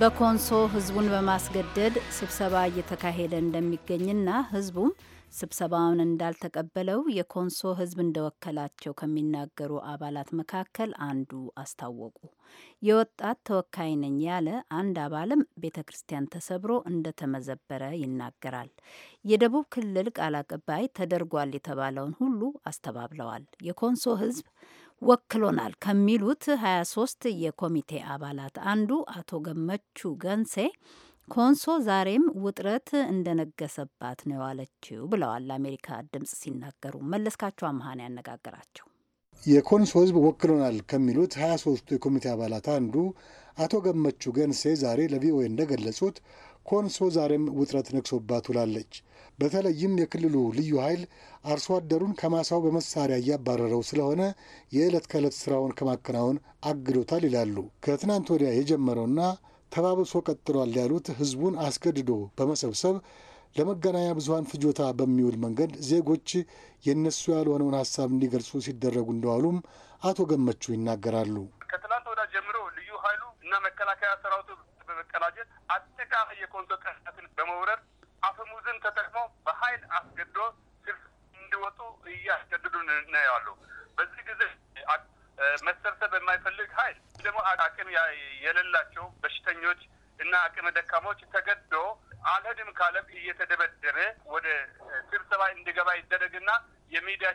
በኮንሶ ህዝቡን በማስገደድ ስብሰባ እየተካሄደ እንደሚገኝና ህዝቡም ስብሰባውን እንዳልተቀበለው የኮንሶ ሕዝብ እንደወከላቸው ከሚናገሩ አባላት መካከል አንዱ አስታወቁ። የወጣት ተወካይ ነኝ ያለ አንድ አባልም ቤተ ክርስቲያን ተሰብሮ እንደተመዘበረ ይናገራል። የደቡብ ክልል ቃል አቀባይ ተደርጓል የተባለውን ሁሉ አስተባብለዋል። የኮንሶ ሕዝብ ወክሎናል ከሚሉት 23 የኮሚቴ አባላት አንዱ አቶ ገመቹ ገንሴ ኮንሶ ዛሬም ውጥረት እንደነገሰባት ነው የዋለችው ብለዋል ለአሜሪካ ድምጽ ሲናገሩ። መለስካቸው አመሀን ያነጋገራቸው የኮንሶ ህዝብ ወክሎናል ከሚሉት ሀያ ሶስቱ የኮሚቴ አባላት አንዱ አቶ ገመቹ ገንሴ ዛሬ ለቪኦኤ እንደገለጹት ኮንሶ ዛሬም ውጥረት ነግሶባት ውላለች። በተለይም የክልሉ ልዩ ኃይል አርሶ አደሩን ከማሳው በመሳሪያ እያባረረው ስለሆነ የዕለት ከዕለት ስራውን ከማከናወን አግዶታል ይላሉ። ከትናንት ወዲያ የጀመረውና ተባብሶ ቀጥሏል ያሉት ህዝቡን አስገድዶ በመሰብሰብ ለመገናኛ ብዙሀን ፍጆታ በሚውል መንገድ ዜጎች የእነሱ ያልሆነውን ሀሳብ እንዲገልጹ ሲደረጉ እንደዋሉም አቶ ገመቹ ይናገራሉ። ከትላንት ወዳ ጀምሮ ልዩ ኃይሉ እና መከላከያ ሰራዊቱ በመቀናጀት አጠቃላይ የኮንሶ ቀናትን በመውረድ አፈሙዝን ተጠቅሞ በኃይል አስገድዶ ስልፍ እንዲወጡ እያስገድዱ እናየዋሉ። በዚህ ጊዜ መሰብሰብ የማይፈልግ ኃይል ደግሞ አቅም የሌላቸው በሽተኞች እና አቅመ ደካሞች ተገዶ አልሄድም ካለም እየተደበደበ ወደ ስብሰባ እንዲገባ ይደረግና የሚዲያ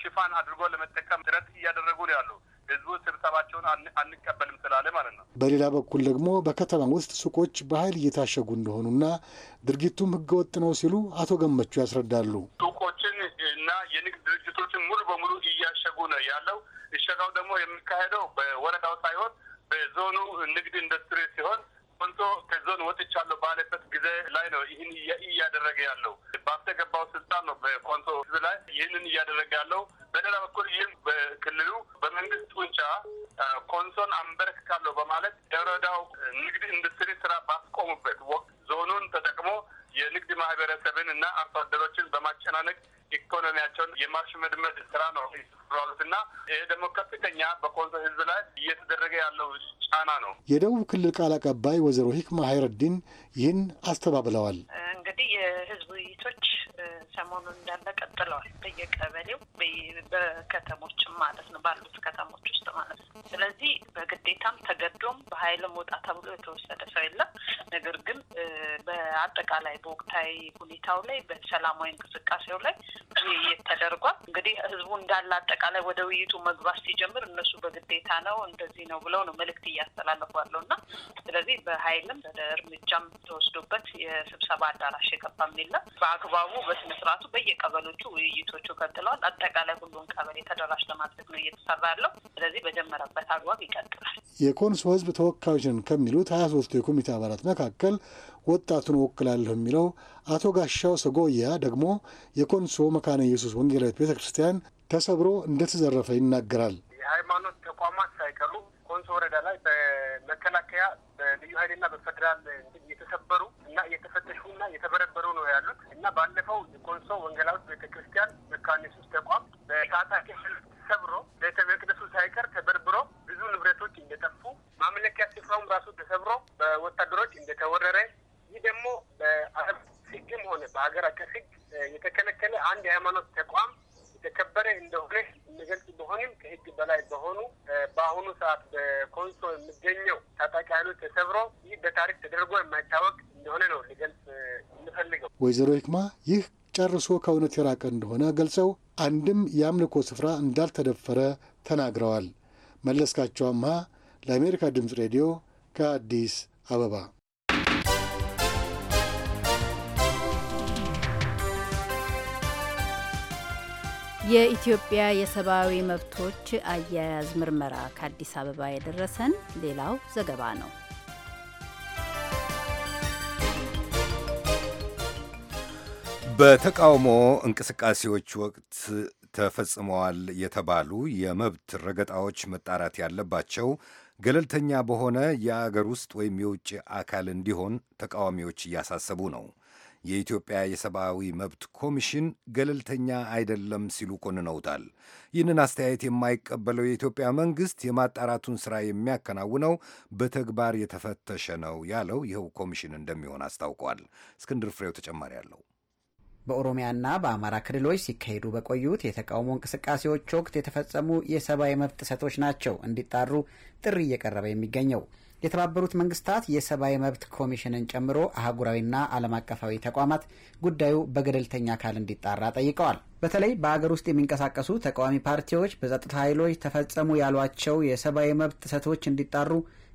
ሽፋን አድርጎ ለመጠቀም ጥረት እያደረጉ ነው ያሉ ህዝቡ ስብሰባቸውን አንቀበልም ስላለ ማለት ነው። በሌላ በኩል ደግሞ በከተማ ውስጥ ሱቆች በኃይል እየታሸጉ እንደሆኑና ድርጊቱም ህገወጥ ነው ሲሉ አቶ ገመቹ ያስረዳሉ። ሱቆች ድርጅቶችን ሙሉ በሙሉ እያሸጉ ነው ያለው። እሸጋው ደግሞ የሚካሄደው በወረዳው ሳይሆን በዞኑ ንግድ ኢንዱስትሪ ሲሆን ኮንሶ ከዞን ወጥቻለሁ ባለበት ጊዜ ላይ ነው ይህን እያደረገ ያለው። ባልተገባው ስልጣን ነው በኮንሶ ህዝብ ላይ ይህንን እያደረገ ያለው። በሌላ በኩል ይህም በክልሉ በመንግስት ጡንቻ ኮንሶን አንበረክካለሁ በማለት የወረዳው ንግድ ኢንዱስትሪ ስራ ባስቆሙበት ወቅት ዞኑን ተጠቅሞ የንግድ ማህበረሰብን እና አርሶ አደሮችን በማጨናነቅ ኢኮኖሚያቸውን የማሽመድመድ ስራ ነው ስራሉት እና ይሄ ደግሞ ከፍተኛ በኮንሶ ህዝብ ላይ እየተደረገ ያለው ጫና ነው። የደቡብ ክልል ቃል አቀባይ ወይዘሮ ሂክማ ሀይረዲን ይህን አስተባብለዋል። እንግዲህ የህዝብ ውይይቶች ሰሞኑን እንዳለ ቀጥለዋል። በየቀበሌው በከተሞችም ማለት ነው ባሉት ከተሞች ውስጥ ማለት ነው። ስለዚህ በግዴታም ተገዶም በኃይልም ወጣ ተብሎ የተወሰደ ሰው የለም። ነገር ግን በአጠቃላይ በወቅታዊ ሁኔታው ላይ በሰላማዊ እንቅስቃሴው ላይ ውይይት ተደርጓል። እንግዲህ ህዝቡ እንዳለ አጠቃላይ ወደ ውይይቱ መግባት ሲጀምር እነሱ በግዴታ ነው እንደዚህ ነው ብለው ነው መልእክት እያስተላለፏለሁ እና ስለዚህ በኃይልም እርምጃም ተወስዶበት የስብሰባ አዳራ አላሸገባም የለም። በአግባቡ በስነ በስነስርዓቱ በየቀበሎቹ ውይይቶቹ ቀጥለዋል። አጠቃላይ ሁሉን ቀበሌ ተደራሽ ለማድረግ ነው እየተሰራ ያለው። ስለዚህ በጀመረበት አግባብ ይቀጥላል። የኮንሶ ህዝብ ተወካዮች ነን ከሚሉት ሀያ ሶስቱ የኮሚቴ አባላት መካከል ወጣቱን ወክላለሁ የሚለው አቶ ጋሻው ሰጎያ ደግሞ የኮንሶ መካነ ኢየሱስ ወንጌላዊት ቤተ ክርስቲያን ተሰብሮ እንደተዘረፈ ይናገራል። የሃይማኖት ተቋማት ሳይቀሩ ኮንሶ ወረዳ ላይ በመከላከያ በልዩ ኃይልና በፌዴራል እየተከበሩ እና እየተፈተሹ እና እየተበረበሩ ነው ያሉት እና ባለፈው የኮንሶ ወንጌላዊት ቤተክርስቲያን መካነ ኢየሱስ ተቋም በታጣቂ ሰብሮ ቤተ መቅደሱ ሳይቀር ተበርብሮ ብዙ ንብረቶች እንደጠፉ ማምለኪያ ስፍራውም ራሱ ተሰብሮ በወታደሮች እንደተወረረ ይህ ደግሞ በአረብ ህግም ሆነ በሀገር አቀፍ ህግ የተከለከለ አንድ የሃይማኖት ተቋም የከበረ እንደሆነ የሚገልጽ ቢሆንም ከህግ በላይ በሆኑ በአሁኑ ሰዓት በኮንሶ የሚገኘው ታጣቂ ኃይሎች ተሰብሮ ይህ በታሪክ ተደርጎ የማይታወቅ እንደሆነ ነው ሊገልጽ የምፈልገው። ወይዘሮ ሂክማ ይህ ጨርሶ ከእውነት የራቀ እንደሆነ ገልጸው አንድም የአምልኮ ስፍራ እንዳልተደፈረ ተናግረዋል። መለስካቸው አምሃ ለአሜሪካ ድምፅ ሬዲዮ ከአዲስ አበባ የኢትዮጵያ የሰብአዊ መብቶች አያያዝ ምርመራ ከአዲስ አበባ የደረሰን ሌላው ዘገባ ነው። በተቃውሞ እንቅስቃሴዎች ወቅት ተፈጽመዋል የተባሉ የመብት ረገጣዎች መጣራት ያለባቸው ገለልተኛ በሆነ የአገር ውስጥ ወይም የውጭ አካል እንዲሆን ተቃዋሚዎች እያሳሰቡ ነው። የኢትዮጵያ የሰብአዊ መብት ኮሚሽን ገለልተኛ አይደለም ሲሉ ኮንነውታል። ይህንን አስተያየት የማይቀበለው የኢትዮጵያ መንግሥት የማጣራቱን ሥራ የሚያከናውነው በተግባር የተፈተሸ ነው ያለው ይኸው ኮሚሽን እንደሚሆን አስታውቋል። እስክንድር ፍሬው ተጨማሪ አለው። በኦሮሚያና በአማራ ክልሎች ሲካሄዱ በቆዩት የተቃውሞ እንቅስቃሴዎች ወቅት የተፈጸሙ የሰብአዊ መብት ጥሰቶች ናቸው እንዲጣሩ ጥሪ እየቀረበ የሚገኘው። የተባበሩት መንግስታት የሰብአዊ መብት ኮሚሽንን ጨምሮ አህጉራዊና ዓለም አቀፋዊ ተቋማት ጉዳዩ በገለልተኛ አካል እንዲጣራ ጠይቀዋል። በተለይ በሀገር ውስጥ የሚንቀሳቀሱ ተቃዋሚ ፓርቲዎች በጸጥታ ኃይሎች ተፈጸሙ ያሏቸው የሰብአዊ መብት ጥሰቶች እንዲጣሩ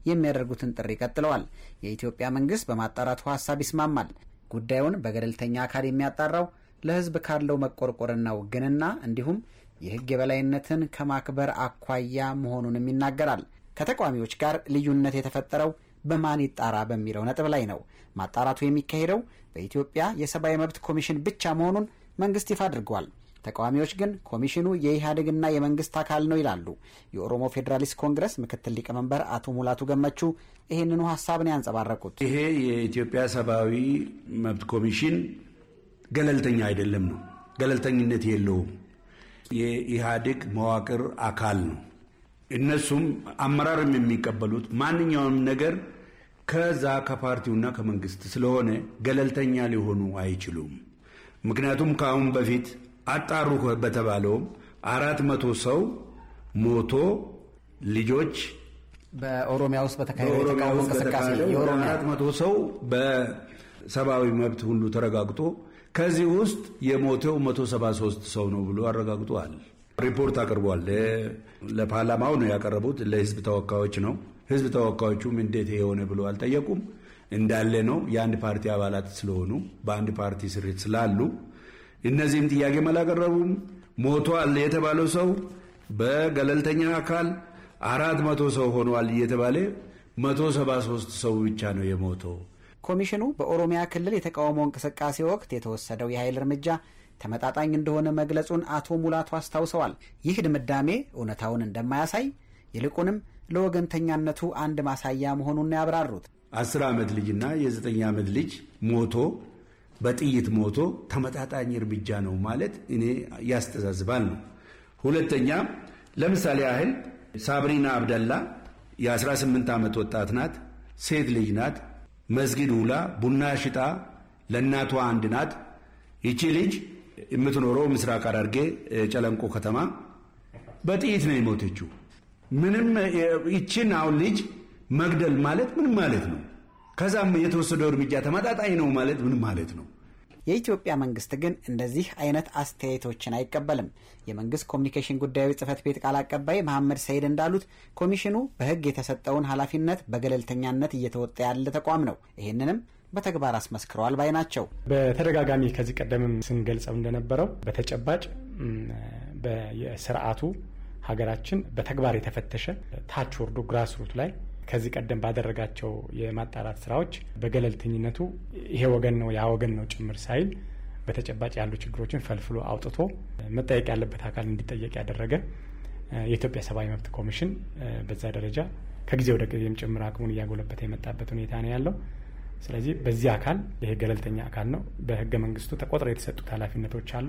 የሚያደርጉትን ጥሪ ቀጥለዋል። የኢትዮጵያ መንግስት በማጣራቱ ሀሳብ ይስማማል። ጉዳዩን በገለልተኛ አካል የሚያጣራው ለህዝብ ካለው መቆርቆርና ውግንና እንዲሁም የህግ የበላይነትን ከማክበር አኳያ መሆኑንም ይናገራል። ከተቃዋሚዎች ጋር ልዩነት የተፈጠረው በማን ይጣራ በሚለው ነጥብ ላይ ነው። ማጣራቱ የሚካሄደው በኢትዮጵያ የሰብአዊ መብት ኮሚሽን ብቻ መሆኑን መንግስት ይፋ አድርጓል። ተቃዋሚዎች ግን ኮሚሽኑ የኢህአዴግና የመንግስት አካል ነው ይላሉ። የኦሮሞ ፌዴራሊስት ኮንግረስ ምክትል ሊቀመንበር አቶ ሙላቱ ገመቹ ይህንኑ ሀሳብን ያንጸባረቁት ይሄ የኢትዮጵያ ሰብአዊ መብት ኮሚሽን ገለልተኛ አይደለም ነው፣ ገለልተኝነት የለውም። የኢህአዴግ መዋቅር አካል ነው። እነሱም አመራርም የሚቀበሉት ማንኛውም ነገር ከዛ ከፓርቲውና ከመንግስት ስለሆነ ገለልተኛ ሊሆኑ አይችሉም። ምክንያቱም ከአሁን በፊት አጣሩ በተባለውም አራት መቶ ሰው ሞቶ ልጆች በኦሮሚያ ውስጥ በተካሄደው አራት መቶ ሰው በሰብአዊ መብት ሁሉ ተረጋግጦ ከዚህ ውስጥ የሞተው መቶ ሰባ ሶስት ሰው ነው ብሎ አረጋግጧል። ሪፖርት አቅርቧል። ለፓርላማው ነው ያቀረቡት፣ ለህዝብ ተወካዮች ነው። ህዝብ ተወካዮቹም እንዴት የሆነ ብሎ አልጠየቁም። እንዳለ ነው የአንድ ፓርቲ አባላት ስለሆኑ በአንድ ፓርቲ ስሪት ስላሉ እነዚህም ጥያቄም አላቀረቡም። ሞቷል የተባለው ሰው በገለልተኛ አካል አራት መቶ ሰው ሆኗል እየተባለ መቶ ሰባ ሶስት ሰው ብቻ ነው የሞተው። ኮሚሽኑ በኦሮሚያ ክልል የተቃውሞ እንቅስቃሴ ወቅት የተወሰደው የኃይል እርምጃ ተመጣጣኝ እንደሆነ መግለጹን አቶ ሙላቱ አስታውሰዋል። ይህ ድምዳሜ እውነታውን እንደማያሳይ ይልቁንም ለወገንተኛነቱ አንድ ማሳያ መሆኑን ያብራሩት አስር ዓመት ልጅና የዘጠኝ ዓመት ልጅ ሞቶ በጥይት ሞቶ ተመጣጣኝ እርምጃ ነው ማለት እኔ ያስተዛዝባል ነው። ሁለተኛ ለምሳሌ ያህል ሳብሪና አብደላ የ18 ዓመት ወጣት ናት፣ ሴት ልጅ ናት። መስጊድ ውላ ቡና ሽጣ ለእናቷ አንድ ናት። ይቺ ልጅ የምትኖረው ምስራቅ አዳርጌ ጨለንቆ ከተማ በጥይት ነው የሞተችው። ምንም ይችን አሁን ልጅ መግደል ማለት ምንም ማለት ነው። ከዛም የተወሰደው እርምጃ ተመጣጣኝ ነው ማለት ምን ማለት ነው? የኢትዮጵያ መንግስት ግን እንደዚህ አይነት አስተያየቶችን አይቀበልም። የመንግስት ኮሚኒኬሽን ጉዳዮች ጽህፈት ቤት ቃል አቀባይ መሐመድ ሰይድ እንዳሉት ኮሚሽኑ በህግ የተሰጠውን ኃላፊነት በገለልተኛነት እየተወጣ ያለ ተቋም ነው። ይህንንም በተግባር አስመስክረዋል ባይ ናቸው። በተደጋጋሚ ከዚህ ቀደምም ስንገልጸው እንደነበረው በተጨባጭ የስርዓቱ ሀገራችን በተግባር የተፈተሸ ታች ወርዶ ግራስሩት ላይ ከዚህ ቀደም ባደረጋቸው የማጣራት ስራዎች በገለልተኝነቱ ይሄ ወገን ነው ያ ወገን ነው ጭምር ሳይል በተጨባጭ ያሉ ችግሮችን ፈልፍሎ አውጥቶ መጠየቅ ያለበት አካል እንዲጠየቅ ያደረገ የኢትዮጵያ ሰብአዊ መብት ኮሚሽን በዛ ደረጃ ከጊዜ ወደ ጊዜም ጭምር አቅሙን እያጎለበተ የመጣበት ሁኔታ ነው ያለው። ስለዚህ በዚህ አካል ይሄ ገለልተኛ አካል ነው። በህገ መንግስቱ ተቆጥረው የተሰጡት ኃላፊነቶች አሉ።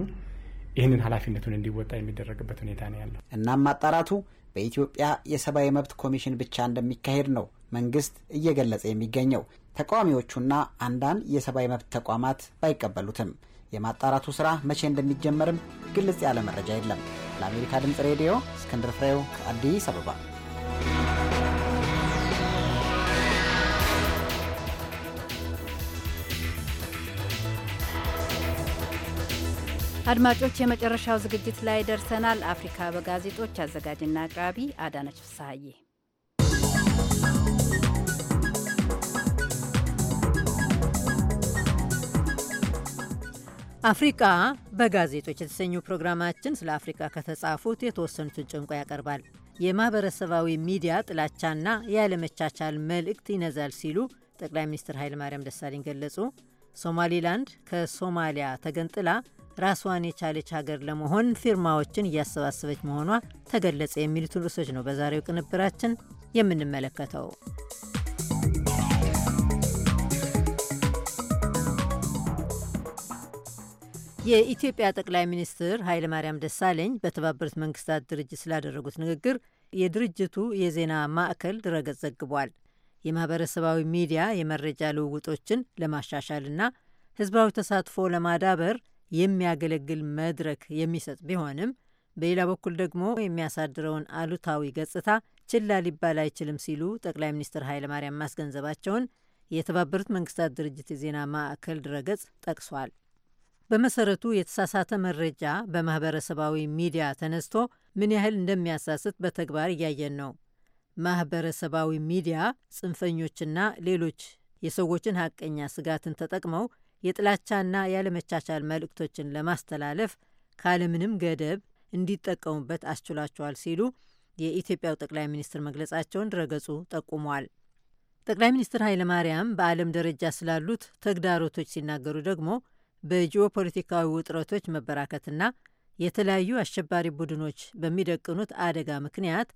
ይህንን ኃላፊነቱን እንዲወጣ የሚደረግበት ሁኔታ ነው ያለው። እናም ማጣራቱ በኢትዮጵያ የሰብአዊ መብት ኮሚሽን ብቻ እንደሚካሄድ ነው መንግስት እየገለጸ የሚገኘው። ተቃዋሚዎቹና አንዳንድ የሰብአዊ መብት ተቋማት ባይቀበሉትም የማጣራቱ ስራ መቼ እንደሚጀመርም ግልጽ ያለ መረጃ የለም። ለአሜሪካ ድምፅ ሬዲዮ እስክንድር ፍሬው ከአዲስ አበባ አድማጮች የመጨረሻው ዝግጅት ላይ ደርሰናል። አፍሪካ በጋዜጦች አዘጋጅና አቅራቢ አዳነች ፍስሐዬ። አፍሪቃ በጋዜጦች የተሰኙ ፕሮግራማችን ስለ አፍሪቃ ከተጻፉት የተወሰኑትን ጭንቆ ያቀርባል። የማህበረሰባዊ ሚዲያ ጥላቻና ያለመቻቻል መልእክት ይነዛል ሲሉ ጠቅላይ ሚኒስትር ኃይለማርያም ደሳለኝ ገለጹ። ሶማሊላንድ ከሶማሊያ ተገንጥላ ራሷን የቻለች ሀገር ለመሆን ፊርማዎችን እያሰባሰበች መሆኗ ተገለጸ የሚሉትን ርዕሶች ነው በዛሬው ቅንብራችን የምንመለከተው። የኢትዮጵያ ጠቅላይ ሚኒስትር ኃይለማርያም ደሳለኝ በተባበሩት መንግስታት ድርጅት ስላደረጉት ንግግር የድርጅቱ የዜና ማዕከል ድረገጽ ዘግቧል። የማህበረሰባዊ ሚዲያ የመረጃ ልውውጦችን ለማሻሻልና ህዝባዊ ተሳትፎ ለማዳበር የሚያገለግል መድረክ የሚሰጥ ቢሆንም በሌላ በኩል ደግሞ የሚያሳድረውን አሉታዊ ገጽታ ችላ ሊባል አይችልም ሲሉ ጠቅላይ ሚኒስትር ኃይለማርያም ማስገንዘባቸውን የተባበሩት መንግስታት ድርጅት የዜና ማዕከል ድረገጽ ጠቅሷል። በመሰረቱ የተሳሳተ መረጃ በማህበረሰባዊ ሚዲያ ተነስቶ ምን ያህል እንደሚያሳስት በተግባር እያየን ነው። ማህበረሰባዊ ሚዲያ ጽንፈኞችና ሌሎች የሰዎችን ሀቀኛ ስጋትን ተጠቅመው የጥላቻና ያለመቻቻል መልእክቶችን ለማስተላለፍ ካለምንም ገደብ እንዲጠቀሙበት አስችሏቸዋል ሲሉ የኢትዮጵያው ጠቅላይ ሚኒስትር መግለጻቸውን ድረገጹ ጠቁሟል። ጠቅላይ ሚኒስትር ኃይለ ማርያም በዓለም ደረጃ ስላሉት ተግዳሮቶች ሲናገሩ ደግሞ በጂኦ ፖለቲካዊ ውጥረቶች መበራከትና የተለያዩ አሸባሪ ቡድኖች በሚደቅኑት አደጋ ምክንያት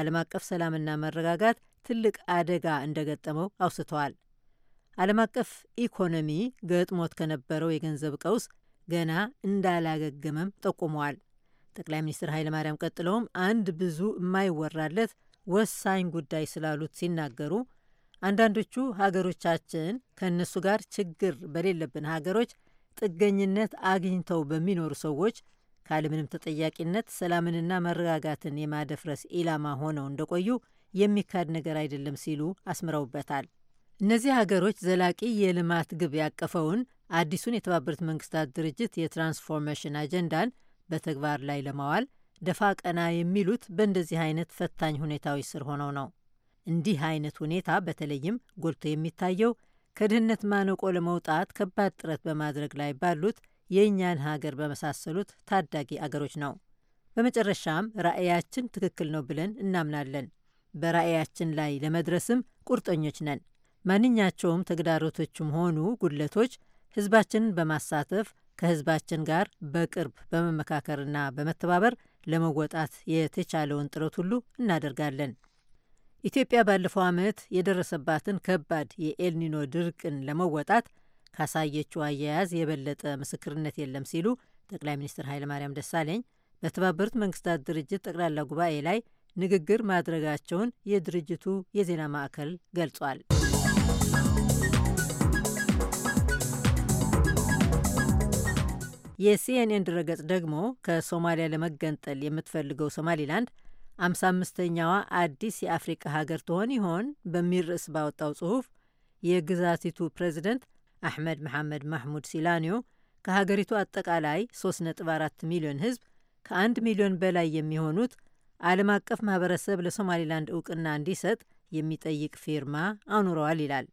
ዓለም አቀፍ ሰላምና መረጋጋት ትልቅ አደጋ እንደገጠመው አውስተዋል። ዓለም አቀፍ ኢኮኖሚ ገጥሞት ከነበረው የገንዘብ ቀውስ ገና እንዳላገገመም ጠቁመዋል። ጠቅላይ ሚኒስትር ኃይለማርያም ቀጥለውም አንድ ብዙ የማይወራለት ወሳኝ ጉዳይ ስላሉት ሲናገሩ አንዳንዶቹ ሀገሮቻችን ከእነሱ ጋር ችግር በሌለብን ሀገሮች ጥገኝነት አግኝተው በሚኖሩ ሰዎች ካለምንም ተጠያቂነት ሰላምንና መረጋጋትን የማደፍረስ ኢላማ ሆነው እንደቆዩ የሚካድ ነገር አይደለም ሲሉ አስምረውበታል። እነዚህ ሀገሮች ዘላቂ የልማት ግብ ያቀፈውን አዲሱን የተባበሩት መንግስታት ድርጅት የትራንስፎርሜሽን አጀንዳን በተግባር ላይ ለማዋል ደፋ ቀና የሚሉት በእንደዚህ አይነት ፈታኝ ሁኔታዎች ስር ሆነው ነው። እንዲህ አይነት ሁኔታ በተለይም ጎልቶ የሚታየው ከድህነት ማነቆ ለመውጣት ከባድ ጥረት በማድረግ ላይ ባሉት የእኛን ሀገር በመሳሰሉት ታዳጊ አገሮች ነው። በመጨረሻም ራዕያችን ትክክል ነው ብለን እናምናለን። በራዕያችን ላይ ለመድረስም ቁርጠኞች ነን። ማንኛቸውም ተግዳሮቶችም ሆኑ ጉድለቶች ህዝባችንን በማሳተፍ ከህዝባችን ጋር በቅርብ በመመካከርና በመተባበር ለመወጣት የተቻለውን ጥረት ሁሉ እናደርጋለን። ኢትዮጵያ ባለፈው ዓመት የደረሰባትን ከባድ የኤልኒኖ ድርቅን ለመወጣት ካሳየችው አያያዝ የበለጠ ምስክርነት የለም ሲሉ ጠቅላይ ሚኒስትር ኃይለማርያም ደሳለኝ በተባበሩት መንግስታት ድርጅት ጠቅላላ ጉባኤ ላይ ንግግር ማድረጋቸውን የድርጅቱ የዜና ማዕከል ገልጿል። የሲኤንኤን ድረገጽ ደግሞ ከሶማሊያ ለመገንጠል የምትፈልገው ሶማሊላንድ 55ኛዋ አዲስ የአፍሪቃ ሀገር ትሆን ይሆን በሚል ርዕስ ባወጣው ጽሑፍ የግዛቲቱ ፕሬዚደንት አሕመድ መሐመድ ማሕሙድ ሲላኒዮ ከሀገሪቱ አጠቃላይ 3.4 ሚሊዮን ህዝብ ከአንድ ሚሊዮን በላይ የሚሆኑት ዓለም አቀፍ ማህበረሰብ ለሶማሊላንድ እውቅና እንዲሰጥ የሚጠይቅ ፊርማ አኑረዋል ይላል።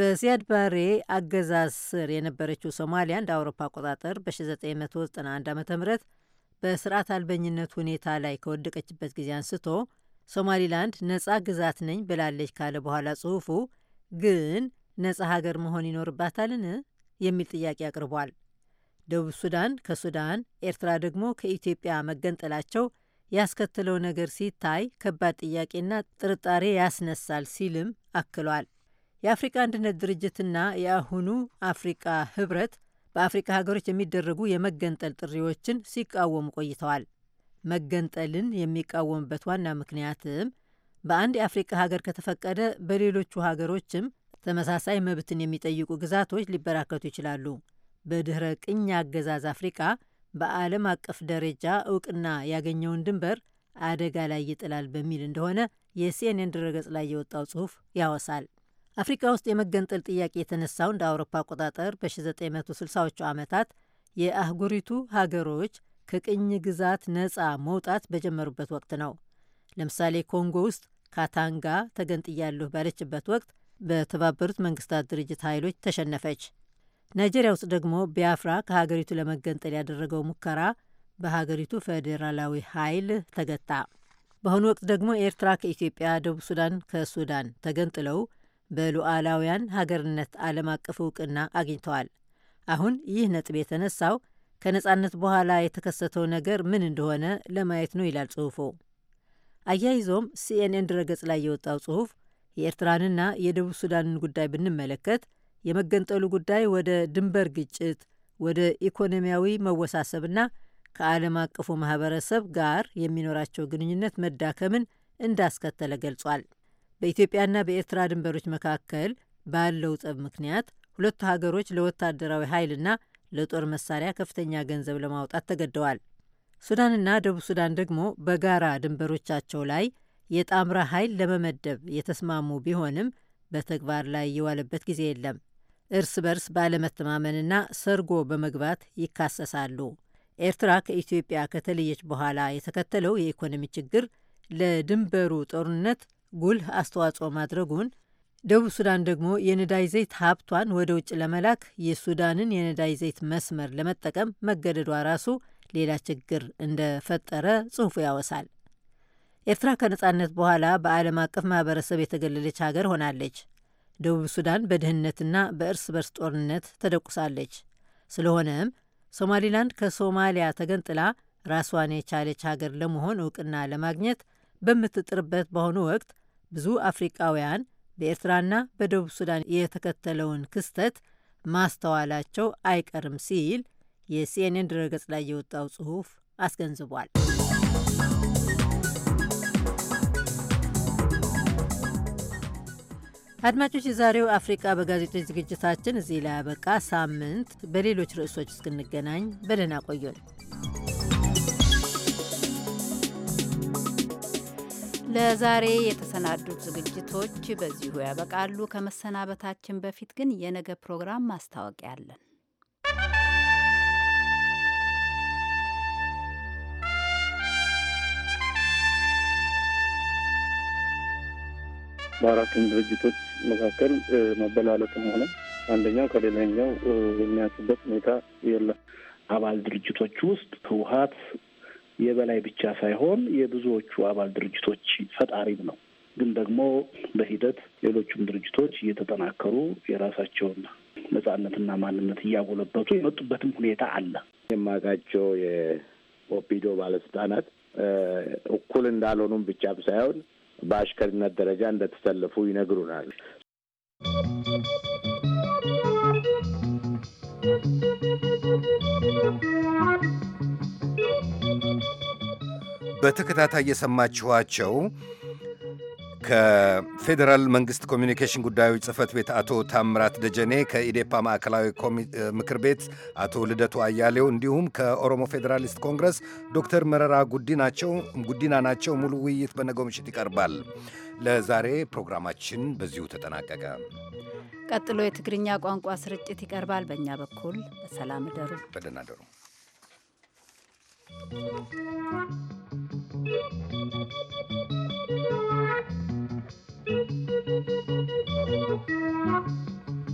በዚያድ ባሬ አገዛዝ ስር የነበረችው ሶማሊያ እንደ አውሮፓ አቆጣጠር በ1991 ዓ ም በስርዓት አልበኝነት ሁኔታ ላይ ከወደቀችበት ጊዜ አንስቶ ሶማሊላንድ ነጻ ግዛት ነኝ ብላለች ካለ በኋላ ጽሑፉ ግን ነጻ ሀገር መሆን ይኖርባታልን የሚል ጥያቄ አቅርቧል። ደቡብ ሱዳን ከሱዳን ኤርትራ ደግሞ ከኢትዮጵያ መገንጠላቸው ያስከተለው ነገር ሲታይ ከባድ ጥያቄና ጥርጣሬ ያስነሳል ሲልም አክሏል። የአፍሪቃ አንድነት ድርጅትና የአሁኑ አፍሪቃ ህብረት በአፍሪካ ሀገሮች የሚደረጉ የመገንጠል ጥሪዎችን ሲቃወሙ ቆይተዋል። መገንጠልን የሚቃወምበት ዋና ምክንያትም በአንድ የአፍሪቃ ሀገር ከተፈቀደ በሌሎቹ ሀገሮችም ተመሳሳይ መብትን የሚጠይቁ ግዛቶች ሊበራከቱ ይችላሉ። በድኅረ ቅኝ አገዛዝ አፍሪቃ በዓለም አቀፍ ደረጃ እውቅና ያገኘውን ድንበር አደጋ ላይ ይጥላል በሚል እንደሆነ የሲኤንኤን ድረገጽ ላይ የወጣው ጽሑፍ ያወሳል። አፍሪካ ውስጥ የመገንጠል ጥያቄ የተነሳው እንደ አውሮፓ አቆጣጠር በ1960ዎቹ ዓመታት የአህጉሪቱ ሀገሮች ከቅኝ ግዛት ነፃ መውጣት በጀመሩበት ወቅት ነው። ለምሳሌ ኮንጎ ውስጥ ካታንጋ ተገንጥያለሁ ባለችበት ወቅት በተባበሩት መንግስታት ድርጅት ኃይሎች ተሸነፈች። ናይጄሪያ ውስጥ ደግሞ ቢያፍራ ከሀገሪቱ ለመገንጠል ያደረገው ሙከራ በሀገሪቱ ፌዴራላዊ ኃይል ተገታ። በአሁኑ ወቅት ደግሞ ኤርትራ ከኢትዮጵያ፣ ደቡብ ሱዳን ከሱዳን ተገንጥለው በሉዓላውያን ሀገርነት ዓለም አቀፍ እውቅና አግኝተዋል። አሁን ይህ ነጥብ የተነሳው ከነጻነት በኋላ የተከሰተው ነገር ምን እንደሆነ ለማየት ነው ይላል ጽሑፉ። አያይዞም ሲኤንኤን ድረገጽ ላይ የወጣው ጽሑፍ የኤርትራንና የደቡብ ሱዳንን ጉዳይ ብንመለከት የመገንጠሉ ጉዳይ ወደ ድንበር ግጭት፣ ወደ ኢኮኖሚያዊ መወሳሰብና ከዓለም አቀፉ ማህበረሰብ ጋር የሚኖራቸው ግንኙነት መዳከምን እንዳስከተለ ገልጿል። በኢትዮጵያና በኤርትራ ድንበሮች መካከል ባለው ጸብ ምክንያት ሁለቱ ሀገሮች ለወታደራዊ ኃይልና ለጦር መሳሪያ ከፍተኛ ገንዘብ ለማውጣት ተገደዋል። ሱዳንና ደቡብ ሱዳን ደግሞ በጋራ ድንበሮቻቸው ላይ የጣምራ ኃይል ለመመደብ የተስማሙ ቢሆንም በተግባር ላይ የዋለበት ጊዜ የለም። እርስ በርስ ባለመተማመንና ሰርጎ በመግባት ይካሰሳሉ። ኤርትራ ከኢትዮጵያ ከተለየች በኋላ የተከተለው የኢኮኖሚ ችግር ለድንበሩ ጦርነት ጉልህ አስተዋጽኦ ማድረጉን፣ ደቡብ ሱዳን ደግሞ የነዳጅ ዘይት ሀብቷን ወደ ውጭ ለመላክ የሱዳንን የነዳጅ ዘይት መስመር ለመጠቀም መገደዷ ራሱ ሌላ ችግር እንደፈጠረ ጽሑፉ ያወሳል። ኤርትራ ከነጻነት በኋላ በዓለም አቀፍ ማህበረሰብ የተገለለች ሀገር ሆናለች። ደቡብ ሱዳን በድህነትና በእርስ በርስ ጦርነት ተደቁሳለች። ስለሆነም ሶማሊላንድ ከሶማሊያ ተገንጥላ ራሷን የቻለች ሀገር ለመሆን እውቅና ለማግኘት በምትጥርበት በአሁኑ ወቅት ብዙ አፍሪቃውያን በኤርትራና በደቡብ ሱዳን የተከተለውን ክስተት ማስተዋላቸው አይቀርም ሲል የሲኤንኤን ድረገጽ ላይ የወጣው ጽሑፍ አስገንዝቧል። አድማጮች፣ የዛሬው አፍሪቃ በጋዜጦች ዝግጅታችን እዚህ ላይ ያበቃ። ሳምንት በሌሎች ርዕሶች እስክንገናኝ በደህና ቆዩን። ለዛሬ የተሰናዱት ዝግጅቶች በዚሁ ያበቃሉ። ከመሰናበታችን በፊት ግን የነገ ፕሮግራም ማስታወቂያ አለን። በአራቱም ድርጅቶች መካከል መበላለጥም ሆነ አንደኛው ከሌላኛው የሚያንስበት ሁኔታ የለም። አባል ድርጅቶች ውስጥ ህወሀት የበላይ ብቻ ሳይሆን የብዙዎቹ አባል ድርጅቶች ፈጣሪም ነው። ግን ደግሞ በሂደት ሌሎቹም ድርጅቶች እየተጠናከሩ የራሳቸውን ነጻነትና ማንነት እያጎለበቱ የመጡበትም ሁኔታ አለ። የማውቃቸው የኦፒዶ ባለስልጣናት እኩል እንዳልሆኑም ብቻ ሳይሆን በአሽከሪነት ደረጃ እንደተሰለፉ ይነግሩናል። በተከታታይ የሰማችኋቸው ከፌዴራል መንግስት ኮሚኒኬሽን ጉዳዮች ጽህፈት ቤት አቶ ታምራት ደጀኔ፣ ከኢዴፓ ማዕከላዊ ምክር ቤት አቶ ልደቱ አያሌው እንዲሁም ከኦሮሞ ፌዴራሊስት ኮንግረስ ዶክተር መረራ ጉዲና ናቸው። ሙሉ ውይይት በነገው ምሽት ይቀርባል። ለዛሬ ፕሮግራማችን በዚሁ ተጠናቀቀ። ቀጥሎ የትግርኛ ቋንቋ ስርጭት ይቀርባል። በእኛ በኩል በሰላም እደሩ፣ በደህና እደሩ። Thank you.